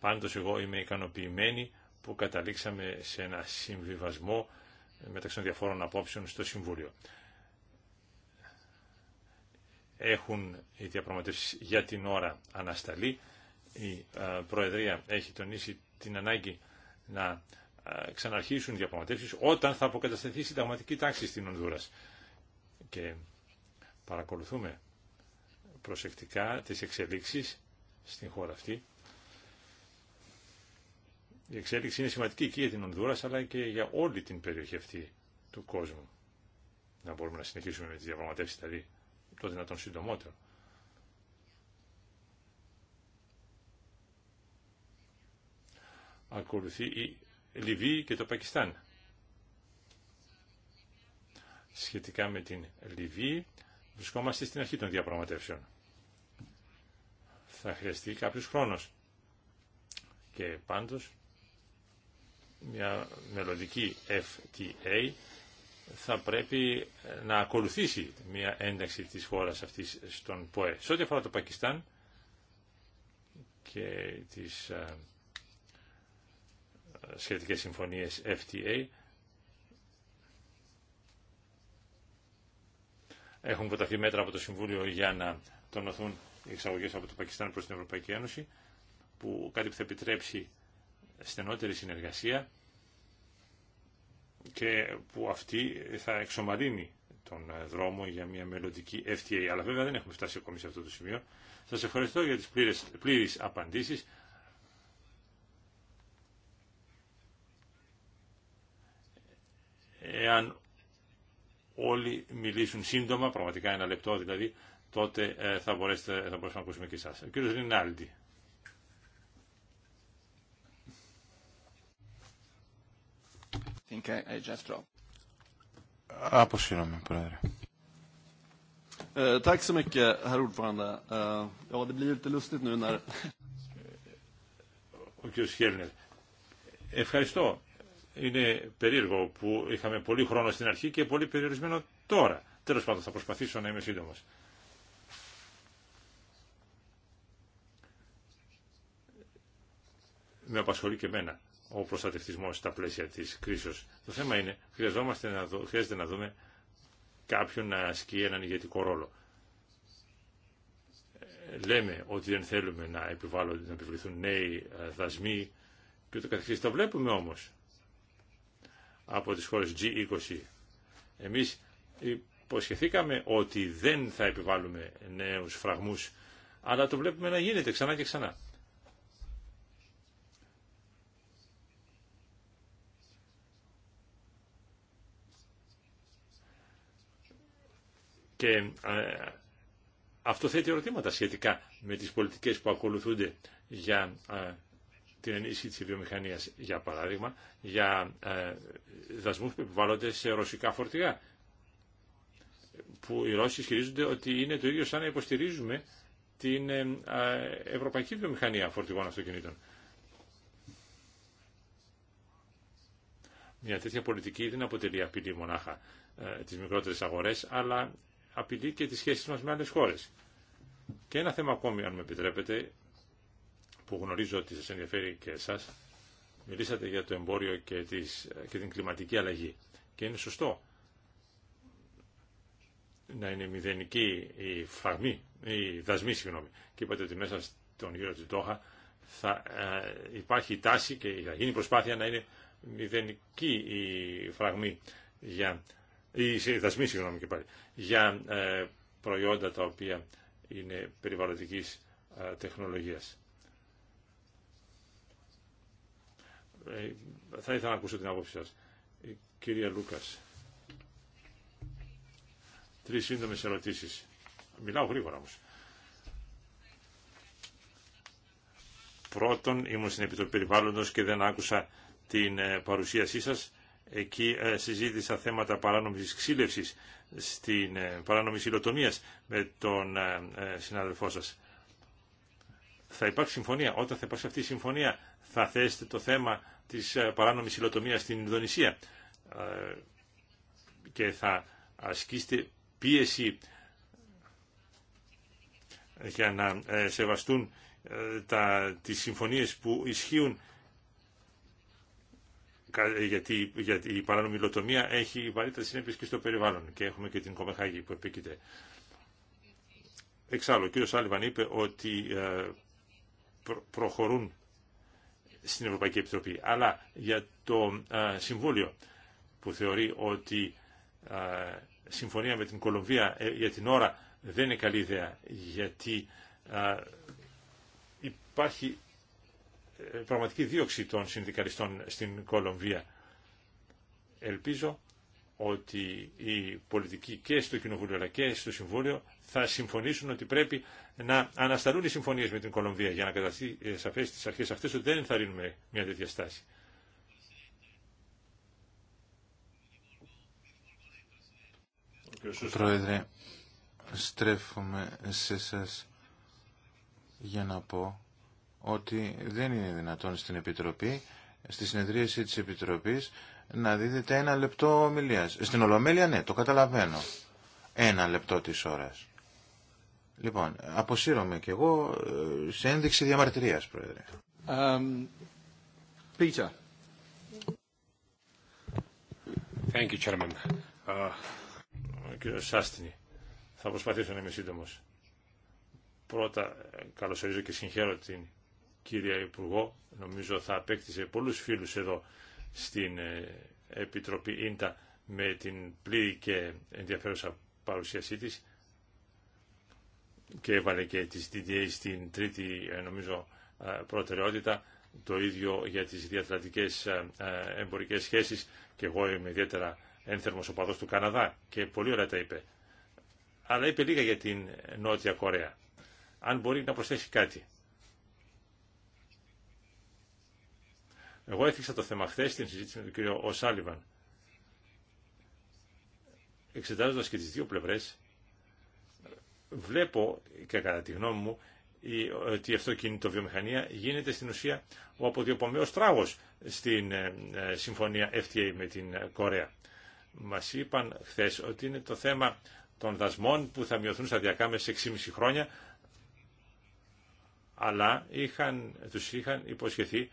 Πάντως εγώ είμαι ικανοποιημένη που καταλήξαμε σε ένα συμβιβασμό μεταξύ των διαφόρων απόψεων στο Συμβούλιο. Έχουν οι διαπραγματεύσει για την ώρα ανασταλεί. Η ε, Προεδρία έχει τονίσει την ανάγκη να ε, ξαναρχίσουν οι διαπραγματεύσει όταν θα αποκατασταθεί η συνταγματική τάξη στην Ονδούρα. Και παρακολουθούμε προσεκτικά τις εξελίξεις στην χώρα αυτή η εξέλιξη είναι σημαντική και για την Ονδούρα αλλά και για όλη την περιοχή αυτή του κόσμου. Να μπορούμε να συνεχίσουμε με τις διαπραγματεύσεις δηλαδή το δυνατόν συντομότερο. Ακολουθεί η Λιβύη και το Πακιστάν. Σχετικά με την Λιβύη βρισκόμαστε στην αρχή των διαπραγματεύσεων. Θα χρειαστεί κάποιος χρόνος. Και πάντως μια μελλοντική FTA θα πρέπει ε, να ακολουθήσει μια ένταξη της χώρας αυτής στον ΠΟΕ. Σε ό,τι αφορά το Πακιστάν και τις ε, σχετικές συμφωνίες FTA έχουν προταθεί μέτρα από το Συμβούλιο για να τονωθούν οι εξαγωγές από το Πακιστάν προς την Ευρωπαϊκή Ένωση που κάτι που θα επιτρέψει στενότερη συνεργασία και που αυτή θα εξομαλύνει τον ε, δρόμο για μια μελλοντική FTA. Αλλά βέβαια δεν έχουμε φτάσει ακόμη σε αυτό το σημείο. Σας ευχαριστώ για τις πλήρες, πλήρες απαντήσεις. Εάν όλοι μιλήσουν σύντομα, πραγματικά ένα λεπτό δηλαδή, τότε ε, θα, μπορέσουμε να ακούσουμε και εσάς. Ο κύριος Ρινάλντι. think I, I just dropped. Αποσύρωμαι, Πρόεδρε. Ε, tack så mycket, herr ordförande. Ε, ja, det blir lite lustigt nu när... Ο κ. Χέλνερ. Ευχαριστώ. Είναι περίεργο που είχαμε πολύ χρόνο στην αρχή και πολύ περιορισμένο τώρα. Τέλος πάντων, θα προσπαθήσω να είμαι σύντομος. Με απασχολεί και εμένα ο προστατευτισμός στα πλαίσια της κρίσης. Το θέμα είναι, χρειαζόμαστε να χρειάζεται να δούμε κάποιον να ασκεί έναν ηγετικό ρόλο. Λέμε ότι δεν θέλουμε να, επιβάλλονται, να επιβληθούν νέοι ε, δασμοί και το καθεξής. Το βλέπουμε όμως από τις χώρες G20. Εμείς υποσχεθήκαμε ότι δεν θα επιβάλλουμε νέους φραγμούς, αλλά το βλέπουμε να γίνεται ξανά και ξανά. Και ε, αυτό θέτει ερωτήματα σχετικά με τις πολιτικές που ακολουθούνται για ε, την ενίσχυση της βιομηχανίας, για παράδειγμα, για ε, δασμούς που επιβάλλονται σε ρωσικά φορτηγά, που οι Ρώσοι ισχυρίζονται ότι είναι το ίδιο σαν να υποστηρίζουμε την ευρωπαϊκή βιομηχανία φορτηγών αυτοκινήτων. Μια τέτοια πολιτική δεν αποτελεί απειλή μονάχα τις μικρότερες αγορές, αλλά απειλεί και τις σχέσεις μας με άλλες χώρες. Και ένα θέμα ακόμη, αν με επιτρέπετε, που γνωρίζω ότι σας ενδιαφέρει και εσάς, μιλήσατε για το εμπόριο και, τις, και την κλιματική αλλαγή. Και είναι σωστό να είναι μηδενική η φραγμή, η δασμή, συγγνώμη. Και είπατε ότι μέσα στον γύρο της τόχα, θα ε, υπάρχει τάση και θα γίνει προσπάθεια να είναι μηδενική η φραγμή για ή δασμοί συγγνώμη και πάλι, για ε, προϊόντα τα οποία είναι περιβαλλοντικής ε, τεχνολογίας. Ε, θα ήθελα να ακούσω την άποψη σας. Κυρία Λούκας, τρεις σύντομε ερωτήσεις. Μιλάω γρήγορα όμως. Πρώτον, ήμουν στην Επιτροπή Περιβάλλοντος και δεν άκουσα την παρουσίασή σας Εκεί ε, συζήτησα θέματα παράνομης ξύλευσης στην ε, παράνομη συλλοτομία με τον ε, συνάδελφό σας. Θα υπάρξει συμφωνία. Όταν θα υπάρξει αυτή η συμφωνία θα θέσετε το θέμα της παράνομης υλοτομίας στην Ινδονησία και θα ασκήσετε πίεση για να σεβαστούν τα, τις συμφωνίες που ισχύουν γιατί, γιατί η παράνομη υλοτομία έχει βαρύτερα συνέπειε και στο περιβάλλον και έχουμε και την Κομεχάγη που επίκειται. Εξάλλου, ο κ. Σάλιβαν είπε ότι ε, προχωρούν στην Ευρωπαϊκή Επιτροπή. Αλλά για το ε, Συμβούλιο που θεωρεί ότι ε, συμφωνία με την Κολομβία για την ώρα δεν είναι καλή ιδέα γιατί υπάρχει πραγματική δίωξη των συνδικαλιστών στην Κολομβία. Ελπίζω ότι οι πολιτικοί και στο Κοινοβούλιο αλλά και στο Συμβούλιο θα συμφωνήσουν ότι πρέπει να ανασταλούν οι συμφωνίες με την Κολομβία για να καταστεί σαφές στις αρχές αυτές ότι δεν θα ρινουμε μια τέτοια στάση. Πρόεδρε, στρέφομαι σε εσά για να πω ότι δεν είναι δυνατόν στην Επιτροπή, στη συνεδρίαση της Επιτροπής, να δίδεται ένα λεπτό ομιλίας. Στην Ολομέλεια, ναι, το καταλαβαίνω. Ένα λεπτό της ώρας. Λοιπόν, αποσύρωμαι κι εγώ ε, σε ένδειξη διαμαρτυρίας, Πρόεδρε. Um, Peter. Thank you, Chairman. Σάστινη, θα προσπαθήσω να είμαι σύντομο. Πρώτα, ε, καλωσορίζω και συγχαίρω την κύριε Υπουργό, νομίζω θα απέκτησε πολλούς φίλους εδώ στην ε, Επιτροπή Ίντα με την πλήρη και ενδιαφέρουσα παρουσίασή της και έβαλε και τις DDA στην τρίτη ε, νομίζω ε, προτεραιότητα το ίδιο για τις διατλαντικές εμπορικές σχέσεις και εγώ είμαι ιδιαίτερα ένθερμος οπαδός του Καναδά και πολύ ωραία τα είπε αλλά είπε λίγα για την Νότια Κορέα αν μπορεί να προσθέσει κάτι Εγώ έθιξα το θέμα χθε στην συζήτηση με τον κύριο Οσάλιβαν. Εξετάζοντα και τι δύο πλευρές, βλέπω και κατά τη γνώμη μου ότι η βιομηχανία γίνεται στην ουσία ο αποδιοπομένο τράγο στην ε, ε, συμφωνία FTA με την Κορέα. Μας είπαν χθε ότι είναι το θέμα των δασμών που θα μειωθούν σταδιακά μέσα σε 6,5 χρόνια, αλλά είχαν, τους είχαν υποσχεθεί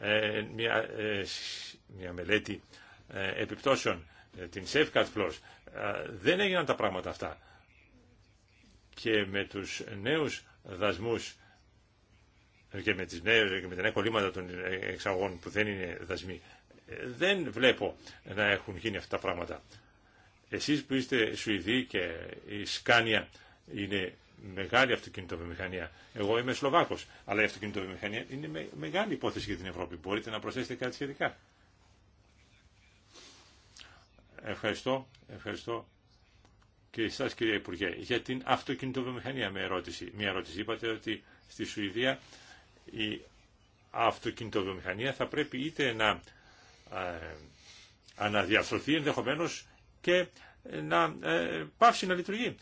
ε, μια, ε, μια μελέτη ε, επιπτώσεων, την safeguard Plus Δεν έγιναν τα πράγματα αυτά. Και με τους νέους δασμούς και με, τις νέες, και με τα νέα κολλήματα των εξαγών που δεν είναι δασμοί, δεν βλέπω να έχουν γίνει αυτά τα πράγματα. Εσείς που είστε Σουηδοί και η Σκάνια είναι μεγάλη αυτοκινητοβιομηχανία. Εγώ είμαι Σλοβάκος, αλλά η αυτοκινητοβιομηχανία είναι μεγάλη υπόθεση για την Ευρώπη. Μπορείτε να προσθέσετε κάτι σχετικά. Ευχαριστώ, ευχαριστώ και εσά κυρία Υπουργέ. Για την αυτοκινητοβιομηχανία με ερώτηση. Μια ερώτηση. Είπατε ότι στη Σουηδία η αυτοκινητοβιομηχανία θα πρέπει είτε να ε, αναδιαρθρωθεί ενδεχομένω και να ε, πάψει να λειτουργεί.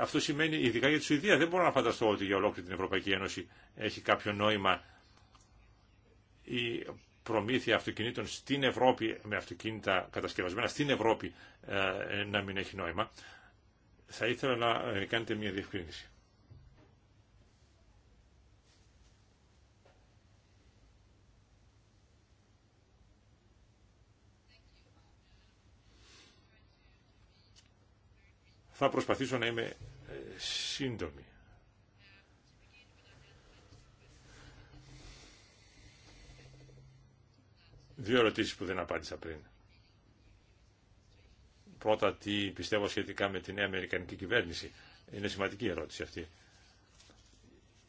Αυτό σημαίνει ειδικά για τη Σουηδία. Δεν μπορώ να φανταστώ ότι για ολόκληρη την Ευρωπαϊκή Ένωση έχει κάποιο νόημα η προμήθεια αυτοκινήτων στην Ευρώπη, με αυτοκίνητα κατασκευασμένα στην Ευρώπη, ε, να μην έχει νόημα. Θα ήθελα να κάνετε μια διευκρίνηση. Θα προσπαθήσω να είμαι ε, σύντομη. Δύο ερωτήσεις που δεν απάντησα πριν. Πρώτα, τι πιστεύω σχετικά με τη νέα Αμερικανική κυβέρνηση. Είναι σημαντική η ερώτηση αυτή.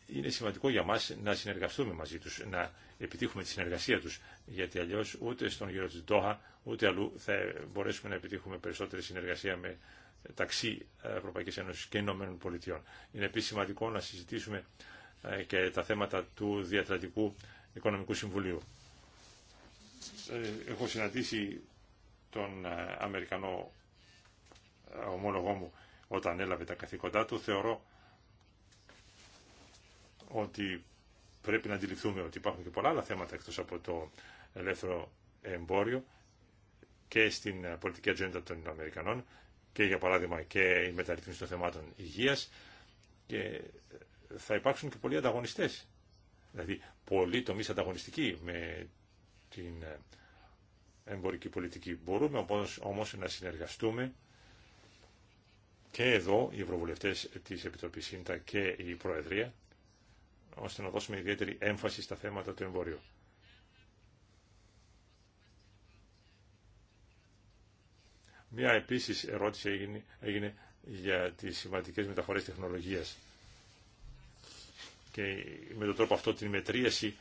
Είναι σημαντικό για μας να συνεργαστούμε μαζί τους, να επιτύχουμε τη συνεργασία τους, γιατί αλλιώς ούτε στον γύρο της Ντόχα, ούτε αλλού θα μπορέσουμε να επιτύχουμε περισσότερη συνεργασία με ταξί Ευρωπαϊκής Ένωσης και Ηνωμένων Πολιτειών. Είναι επίσης σημαντικό να συζητήσουμε ε, και τα θέματα του Διατρατικού Οικονομικού Συμβουλίου. Ε, έχω συναντήσει τον ε, Αμερικανό ομόλογό μου όταν έλαβε τα καθήκοντά του. Θεωρώ ότι πρέπει να αντιληφθούμε ότι υπάρχουν και πολλά άλλα θέματα εκτός από το ελεύθερο εμπόριο και στην πολιτική ατζέντα των Αμερικανών και για παράδειγμα και η μεταρρύθμιση των θεμάτων υγείας και θα υπάρξουν και πολλοί ανταγωνιστές. Δηλαδή πολλοί τομεί ανταγωνιστικοί με την εμπορική πολιτική. Μπορούμε όμως, όμως να συνεργαστούμε και εδώ οι ευρωβουλευτές της Επιτροπής ΣΥΝΤΑ και η Προεδρία ώστε να δώσουμε ιδιαίτερη έμφαση στα θέματα του εμπορίου. Μία επίσης ερώτηση έγινε, έγινε για τις σημαντικές μεταφορές τεχνολογίας και με τον τρόπο αυτό την μετρίαση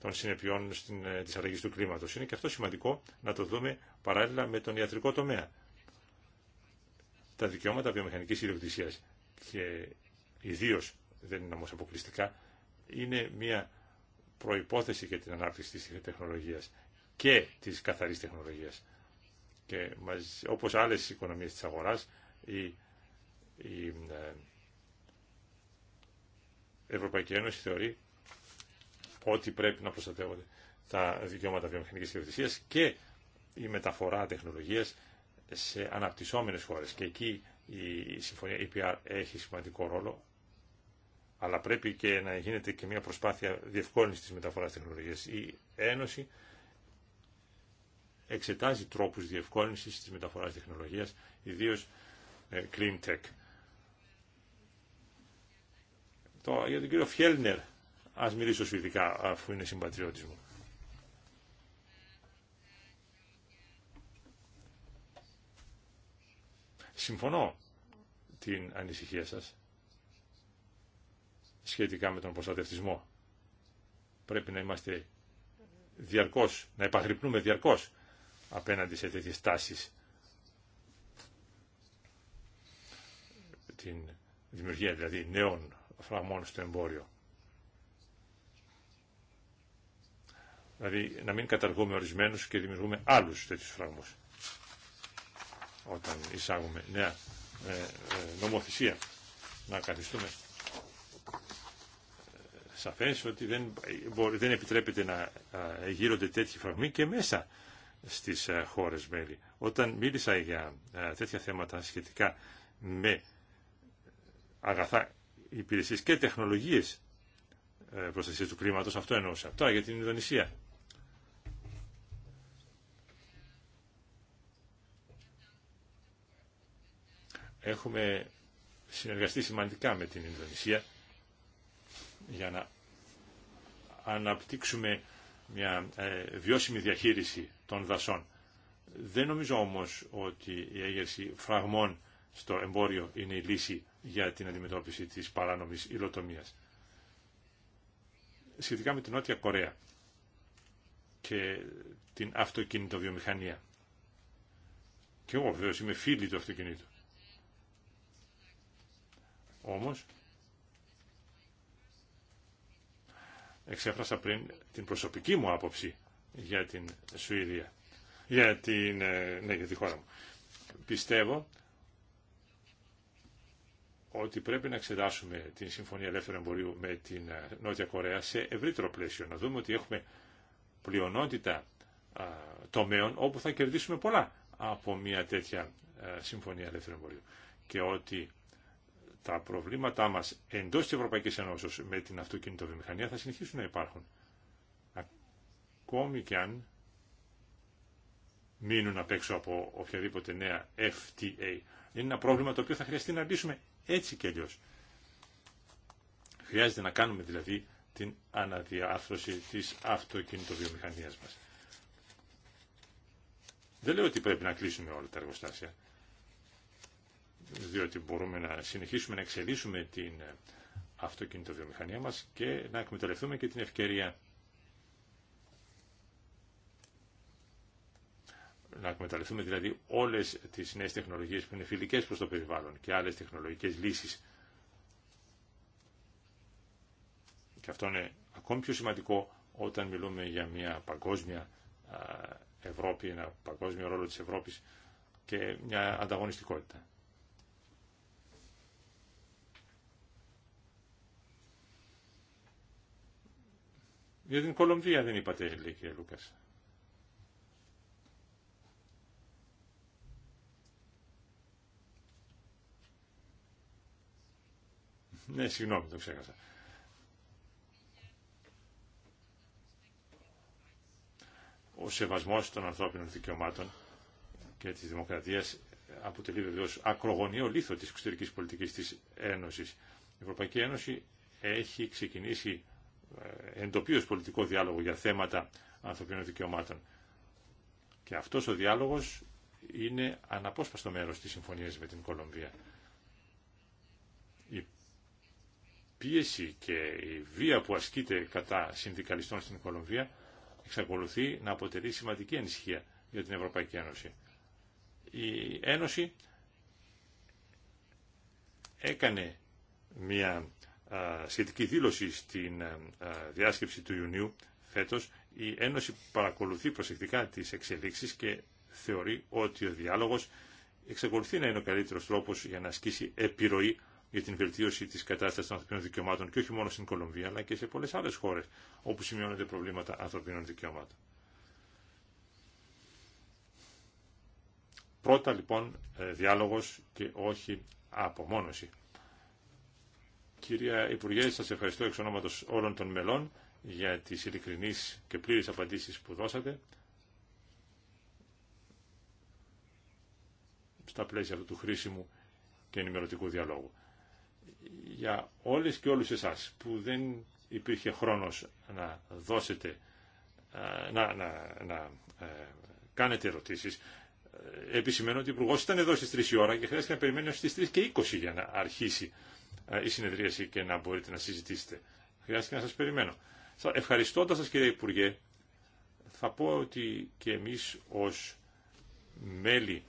των συνεπειών στην, ε, της του κλίματος. Είναι και αυτό σημαντικό να το δούμε παράλληλα με τον ιατρικό τομέα. Τα δικαιώματα βιομηχανικής ιδιοκτησία και ιδίω δεν είναι όμως αποκλειστικά, είναι μια προϋπόθεση για την ανάπτυξη της τεχνολογίας και της καθαρής τεχνολογίας και μαζί, όπως άλλες οικονομίες της αγοράς η, ε, Ευρωπαϊκή Ένωση θεωρεί ότι πρέπει να προστατεύονται τα δικαιώματα βιομηχανικής ιδιοκτησίας και η μεταφορά τεχνολογίας σε αναπτυσσόμενες χώρες και εκεί η συμφωνία EPR έχει σημαντικό ρόλο αλλά πρέπει και να γίνεται και μια προσπάθεια διευκόλυνσης της μεταφοράς τεχνολογίας. Η Ένωση εξετάζει τρόπους διευκόλυνσης της μεταφοράς τεχνολογίας, ιδίως ε, clean tech. Το, για τον κύριο Φιέλνερ, ας μιλήσω σου ειδικά, αφού είναι συμπατριώτης μου. Συμφωνώ την ανησυχία σας σχετικά με τον προστατευτισμό. Πρέπει να είμαστε διαρκώς, να επαγρυπνούμε διαρκώς απέναντι σε τέτοιες τάσεις. Την δημιουργία δηλαδή νέων φραγμών στο εμπόριο. Δηλαδή να μην καταργούμε ορισμένους και δημιουργούμε άλλους τέτοιους φραγμούς όταν εισάγουμε νέα ε, ε, νομοθεσία. Να καθιστούμε ε, σαφές ότι δεν, δεν επιτρέπεται να γύρονται τέτοιοι φραγμοί και μέσα στις ε, χώρες μέλη. Όταν μίλησα για ε, τέτοια θέματα σχετικά με αγαθά υπηρεσίες και τεχνολογίες ε, προστασίας του κλίματος, αυτό εννοούσα. Τώρα για την Ινδονησία. Έχουμε συνεργαστεί σημαντικά με την Ινδονησία για να αναπτύξουμε μια ε, βιώσιμη διαχείριση των δασών. Δεν νομίζω όμως ότι η έγερση φραγμών στο εμπόριο είναι η λύση για την αντιμετώπιση της παράνομης υλοτομίας. Σχετικά με την Νότια Κορέα και την αυτοκινητοβιομηχανία. Και εγώ βεβαίως είμαι φίλη του αυτοκινήτου. Όμως εξέφρασα πριν την προσωπική μου άποψη για την Σουηδία, για, την, ε, ναι, για τη χώρα μου. Πιστεύω ότι πρέπει να εξετάσουμε την Συμφωνία Ελεύθερου Εμπορίου με την ε, Νότια Κορέα σε ευρύτερο πλαίσιο. Να δούμε ότι έχουμε πλειονότητα τομέων όπου θα κερδίσουμε πολλά από μια τέτοια ε, Συμφωνία Ελεύθερου Εμπορίου. Και ότι τα προβλήματά μας εντός της Ευρωπαϊκής Ενώσεως με την αυτοκινητοβιομηχανία θα συνεχίσουν να υπάρχουν. Ακόμη και αν μείνουν απ' έξω από οποιαδήποτε νέα FTA. Είναι ένα πρόβλημα το οποίο θα χρειαστεί να λύσουμε έτσι και αλλιώ. Χρειάζεται να κάνουμε δηλαδή την αναδιάρθρωση της αυτοκινητοβιομηχανίας μας. Δεν λέω ότι πρέπει να κλείσουμε όλα τα εργοστάσια διότι μπορούμε να συνεχίσουμε να εξελίσσουμε την αυτοκινητοβιομηχανία μας και να εκμεταλλευτούμε και την ευκαιρία να εκμεταλλευτούμε δηλαδή όλες τις νέες τεχνολογίες που είναι φιλικές προς το περιβάλλον και άλλες τεχνολογικές λύσεις. Και αυτό είναι ακόμη πιο σημαντικό όταν μιλούμε για μια παγκόσμια Ευρώπη, ένα παγκόσμιο ρόλο της Ευρώπης και μια ανταγωνιστικότητα. Για την Κολομβία δεν είπατε, λέει κύριε Λούκας. Ναι, συγγνώμη, το ξέχασα. Ο σεβασμός των ανθρώπινων δικαιωμάτων και της δημοκρατίας αποτελεί βεβαίω ακρογωνίο λίθο της εξωτερικής πολιτικής της Ένωσης. Η Ευρωπαϊκή Ένωση έχει ξεκινήσει ε, εντοπίω πολιτικό διάλογο για θέματα ανθρωπίνων δικαιωμάτων. Και αυτός ο διάλογο είναι αναπόσπαστο μέρος της συμφωνίας με την Κολομβία. Η πίεση και η βία που ασκείται κατά συνδικαλιστών στην Κολομβία εξακολουθεί να αποτελεί σημαντική ανησυχία για την Ευρωπαϊκή Ένωση. Η Ένωση έκανε μια σχετική δήλωση στην διάσκεψη του Ιουνίου φέτος, η Ένωση παρακολουθεί προσεκτικά τις εξελίξεις και θεωρεί ότι ο διάλογος εξακολουθεί να είναι ο καλύτερος τρόπος για να ασκήσει επιρροή για την βελτίωση της κατάστασης των ανθρωπίνων δικαιωμάτων και όχι μόνο στην Κολομβία αλλά και σε πολλές άλλες χώρες όπου σημειώνονται προβλήματα ανθρωπίνων δικαιωμάτων. Πρώτα λοιπόν ε, διάλογος και όχι απομόνωση. Κυρία Υπουργέ, σας ευχαριστώ εξ ονόματος όλων των μελών για τις ειλικρινείς και πλήρες απαντήσεις που δώσατε στα πλαίσια του χρήσιμου και ενημερωτικού διαλόγου. Για όλες και όλους εσάς που δεν υπήρχε χρόνος να δώσετε, να, να, να ε, κάνετε ερωτήσεις, ε, επισημαίνω ότι ο Υπουργός ήταν εδώ στις 3 η ώρα και χρειάστηκε να περιμένει στις 3 και 20 για να αρχίσει ε, η συνεδρίαση και να μπορείτε να συζητήσετε. Χρειάζεται να σας περιμένω. Ευχαριστώντας σας κύριε Υπουργέ, θα πω ότι και εμείς ως μέλη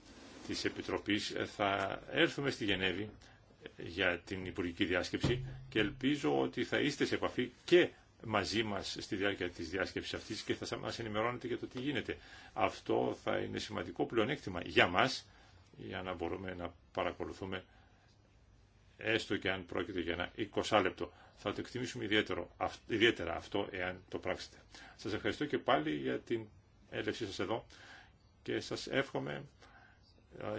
της Επιτροπής ε, θα έρθουμε στη Γενέβη ε, για την Υπουργική Διάσκεψη και ελπίζω ότι θα είστε σε επαφή και μαζί μας στη διάρκεια της διάσκεψης αυτής και θα μας ενημερώνετε για το τι γίνεται. Αυτό θα είναι σημαντικό πλεονέκτημα για μας, για να μπορούμε να παρακολουθούμε έστω και αν πρόκειται για ένα 20 λεπτό. Θα το εκτιμήσουμε ιδιαίτερο, ιδιαίτερα αυτό εάν το πράξετε. Σας ευχαριστώ και πάλι για την έλευσή σας εδώ και σας εύχομαι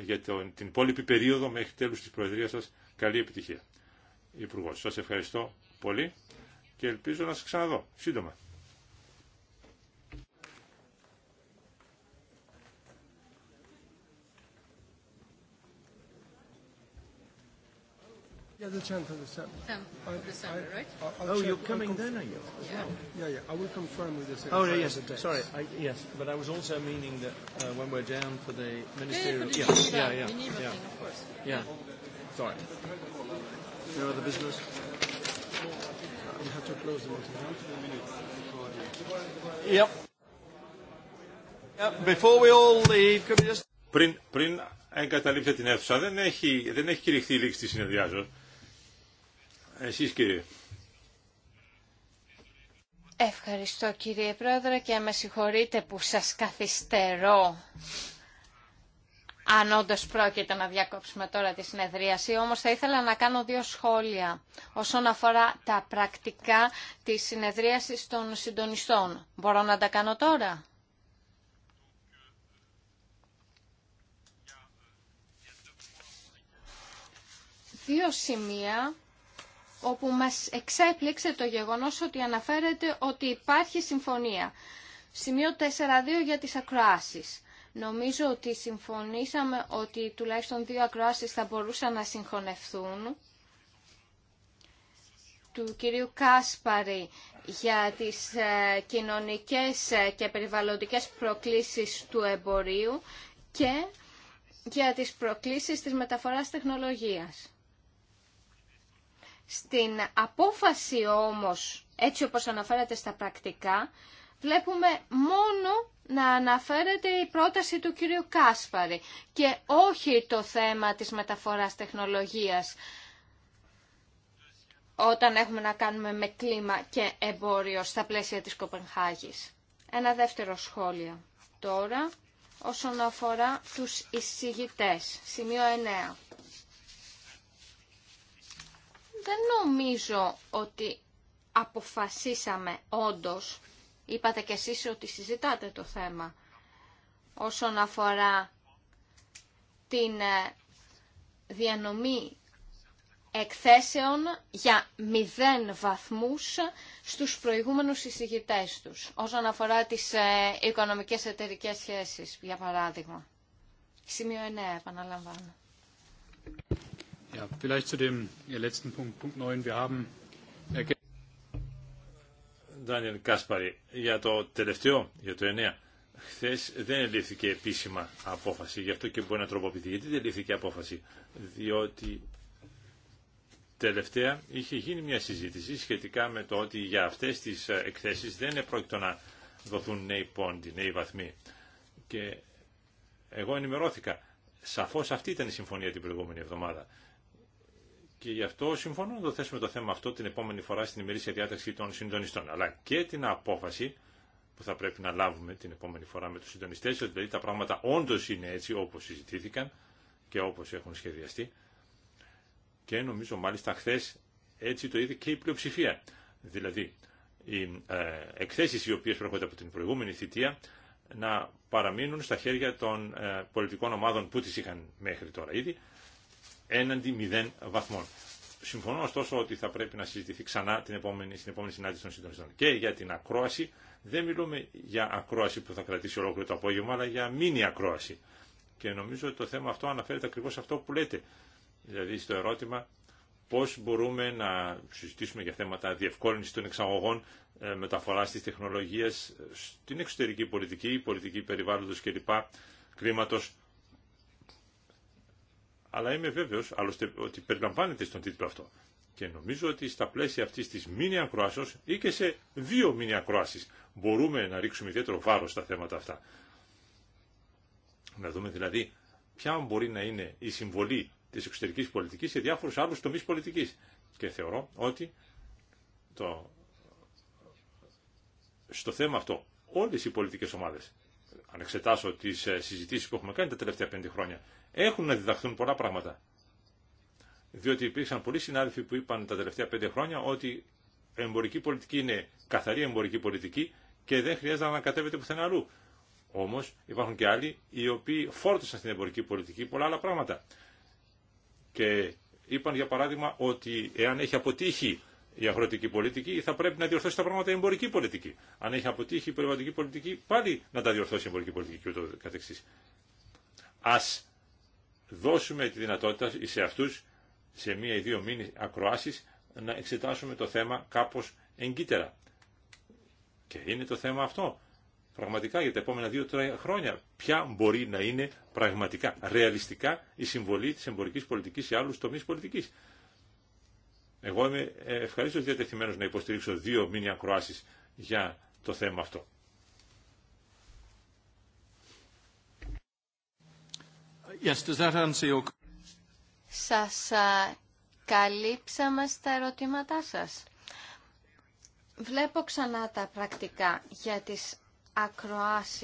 για την υπόλοιπη περίοδο μέχρι τέλους της Προεδρίας σας καλή επιτυχία. Υπουργός, σας ευχαριστώ πολύ και ελπίζω να σας ξαναδώ σύντομα. Yeah, the 10th of December. 10th of December, right? I, oh, you're coming then, are you? Yeah. yeah, yeah. I will confirm with the secretary. Oh, yes. Sorry, I, yes, but I was also meaning that uh, when we're down for the ministerial. Yeah, yeah, yeah. yeah, yeah. Thing, of course. Yeah. Sorry. No other business? We have to close the meeting. Yep. Yep. Before we all leave, could we just... Πριν, πριν εγκαταλείψετε την αίθουσα, δεν έχει, δεν έχει κηρυχθεί η λήξη της συνεδριάσεως κύριε. Ευχαριστώ κύριε Πρόεδρε και με συγχωρείτε που σας καθυστερώ. Αν όντω πρόκειται να διακόψουμε τώρα τη συνεδρίαση, όμως θα ήθελα να κάνω δύο σχόλια όσον αφορά τα πρακτικά της συνεδρίασης των συντονιστών. Μπορώ να τα κάνω τώρα. Δύο σημεία όπου μας εξέπληξε το γεγονός ότι αναφέρεται ότι υπάρχει συμφωνία. Σημείο 4.2 για τις ακροάσεις. Νομίζω ότι συμφωνήσαμε ότι τουλάχιστον δύο ακροάσεις θα μπορούσαν να συγχωνευθούν. του κυρίου Κάσπαρη για τις ε, κοινωνικές ε, και περιβαλλοντικές προκλήσεις του εμπορίου και για τις προκλήσεις της μεταφοράς τεχνολογίας. Στην απόφαση όμως, έτσι όπως αναφέρεται στα πρακτικά, βλέπουμε μόνο να αναφέρεται η πρόταση του κυρίου Κάσπαρη και όχι το θέμα της μεταφοράς τεχνολογίας όταν έχουμε να κάνουμε με κλίμα και εμπόριο στα πλαίσια της Κοπενχάγης. Ένα δεύτερο σχόλιο τώρα όσον αφορά τους εισηγητές. Σημείο 9 δεν νομίζω ότι αποφασίσαμε όντως, είπατε κι εσείς ότι συζητάτε το θέμα, όσον αφορά την ε, διανομή εκθέσεων για μηδέν βαθμούς στους προηγούμενους συζητητές τους, όσον αφορά τις ε, οικονομικές εταιρικέ σχέσεις, για παράδειγμα. Σημείο 9, επαναλαμβάνω. Ja, vielleicht zu dem letzten Punkt, Punkt 9. Wir haben Daniel Κάσπαρη, για το τελευταίο, για το 9. Χθε δεν λήφθηκε επίσημα απόφαση, γι' αυτό και μπορεί να τροποποιηθεί. Γιατί δεν λήφθηκε απόφαση, διότι τελευταία είχε γίνει μια συζήτηση σχετικά με το ότι για αυτέ τι ε, εκθέσει δεν επρόκειτο να δοθούν νέοι πόντι, νέοι βαθμοί. Και εγώ ενημερώθηκα. σαφώ αυτή ήταν η συμφωνία την προηγούμενη εβδομάδα. Και γι' αυτό συμφωνώ να το θέσουμε το θέμα αυτό την επόμενη φορά στην ημερήσια διάταξη των συντονιστών. Αλλά και την απόφαση που θα πρέπει να λάβουμε την επόμενη φορά με του συντονιστέ, ότι δηλαδή τα πράγματα όντω είναι έτσι όπω συζητήθηκαν και όπω έχουν σχεδιαστεί. Και νομίζω μάλιστα χθε έτσι το είδε και η πλειοψηφία. Δηλαδή, οι ε, εκθέσει οι οποίε προέρχονται από την προηγούμενη θητεία να παραμείνουν στα χέρια των ε, πολιτικών ομάδων που τι είχαν μέχρι τώρα ήδη έναντι 0 βαθμών. Συμφωνώ ωστόσο ότι θα πρέπει να συζητηθεί ξανά την επόμενη, στην επόμενη συνάντηση των συντονιστών. Και για την ακρόαση, δεν μιλούμε για ακρόαση που θα κρατήσει ολόκληρο το απόγευμα, αλλά για μήνυ ακρόαση. Και νομίζω ότι το θέμα αυτό αναφέρεται ακριβώ σε αυτό που λέτε. Δηλαδή στο ερώτημα πώ μπορούμε να συζητήσουμε για θέματα διευκόλυνση των εξαγωγών, ε, μεταφορά τη τεχνολογία ε, στην εξωτερική πολιτική, πολιτική περιβάλλοντο κλπ. κλίματο αλλά είμαι βέβαιο άλλωστε ότι περιλαμβάνεται στον τίτλο αυτό. Και νομίζω ότι στα πλαίσια αυτή τη μήνυα ακροάσεω ή και σε δύο μήνυα ακροάσει μπορούμε να ρίξουμε ιδιαίτερο βάρο στα θέματα αυτά. Να δούμε δηλαδή ποια μπορεί να είναι η συμβολή τη εξωτερική πολιτική σε διάφορου άλλου τομεί πολιτική. Και θεωρώ ότι το... στο θέμα αυτό όλε οι πολιτικέ ομάδε, αν εξετάσω τι ε, συζητήσει που έχουμε κάνει τα τελευταία πέντε χρόνια, έχουν να διδαχθούν πολλά πράγματα. Διότι υπήρξαν πολλοί συνάδελφοι που είπαν τα τελευταία πέντε χρόνια ότι η εμπορική πολιτική είναι καθαρή εμπορική πολιτική και δεν χρειάζεται να ανακατεύεται πουθενά αλλού. Όμω υπάρχουν και άλλοι οι οποίοι φόρτωσαν στην εμπορική πολιτική πολλά άλλα πράγματα. Και είπαν για παράδειγμα ότι εάν έχει αποτύχει η αγροτική πολιτική θα πρέπει να διορθώσει τα πράγματα η εμπορική πολιτική. Αν έχει αποτύχει η περιβαλλοντική πολιτική πάλι να τα διορθώσει η εμπορική πολιτική και ούτω Ας δώσουμε τη δυνατότητα σε αυτούς σε μία ή δύο μήνες ακροάσεις να εξετάσουμε το θέμα κάπως εγκύτερα. Και είναι το θέμα αυτό. Πραγματικά για τα επόμενα δύο-τρία χρόνια ποια μπορεί να είναι πραγματικά, ρεαλιστικά η συμβολή της εμπορικής πολιτικής σε άλλους τομείς πολιτικής. Εγώ είμαι ε, ευχαρίστως διατεθειμένος να υποστηρίξω δύο μήνυα ακροάσει για το θέμα αυτό. Yes, Σας καλύψαμε στα ερωτήματά σας. Βλέπω ξανά τα πρακτικά για τις ακροάσεις.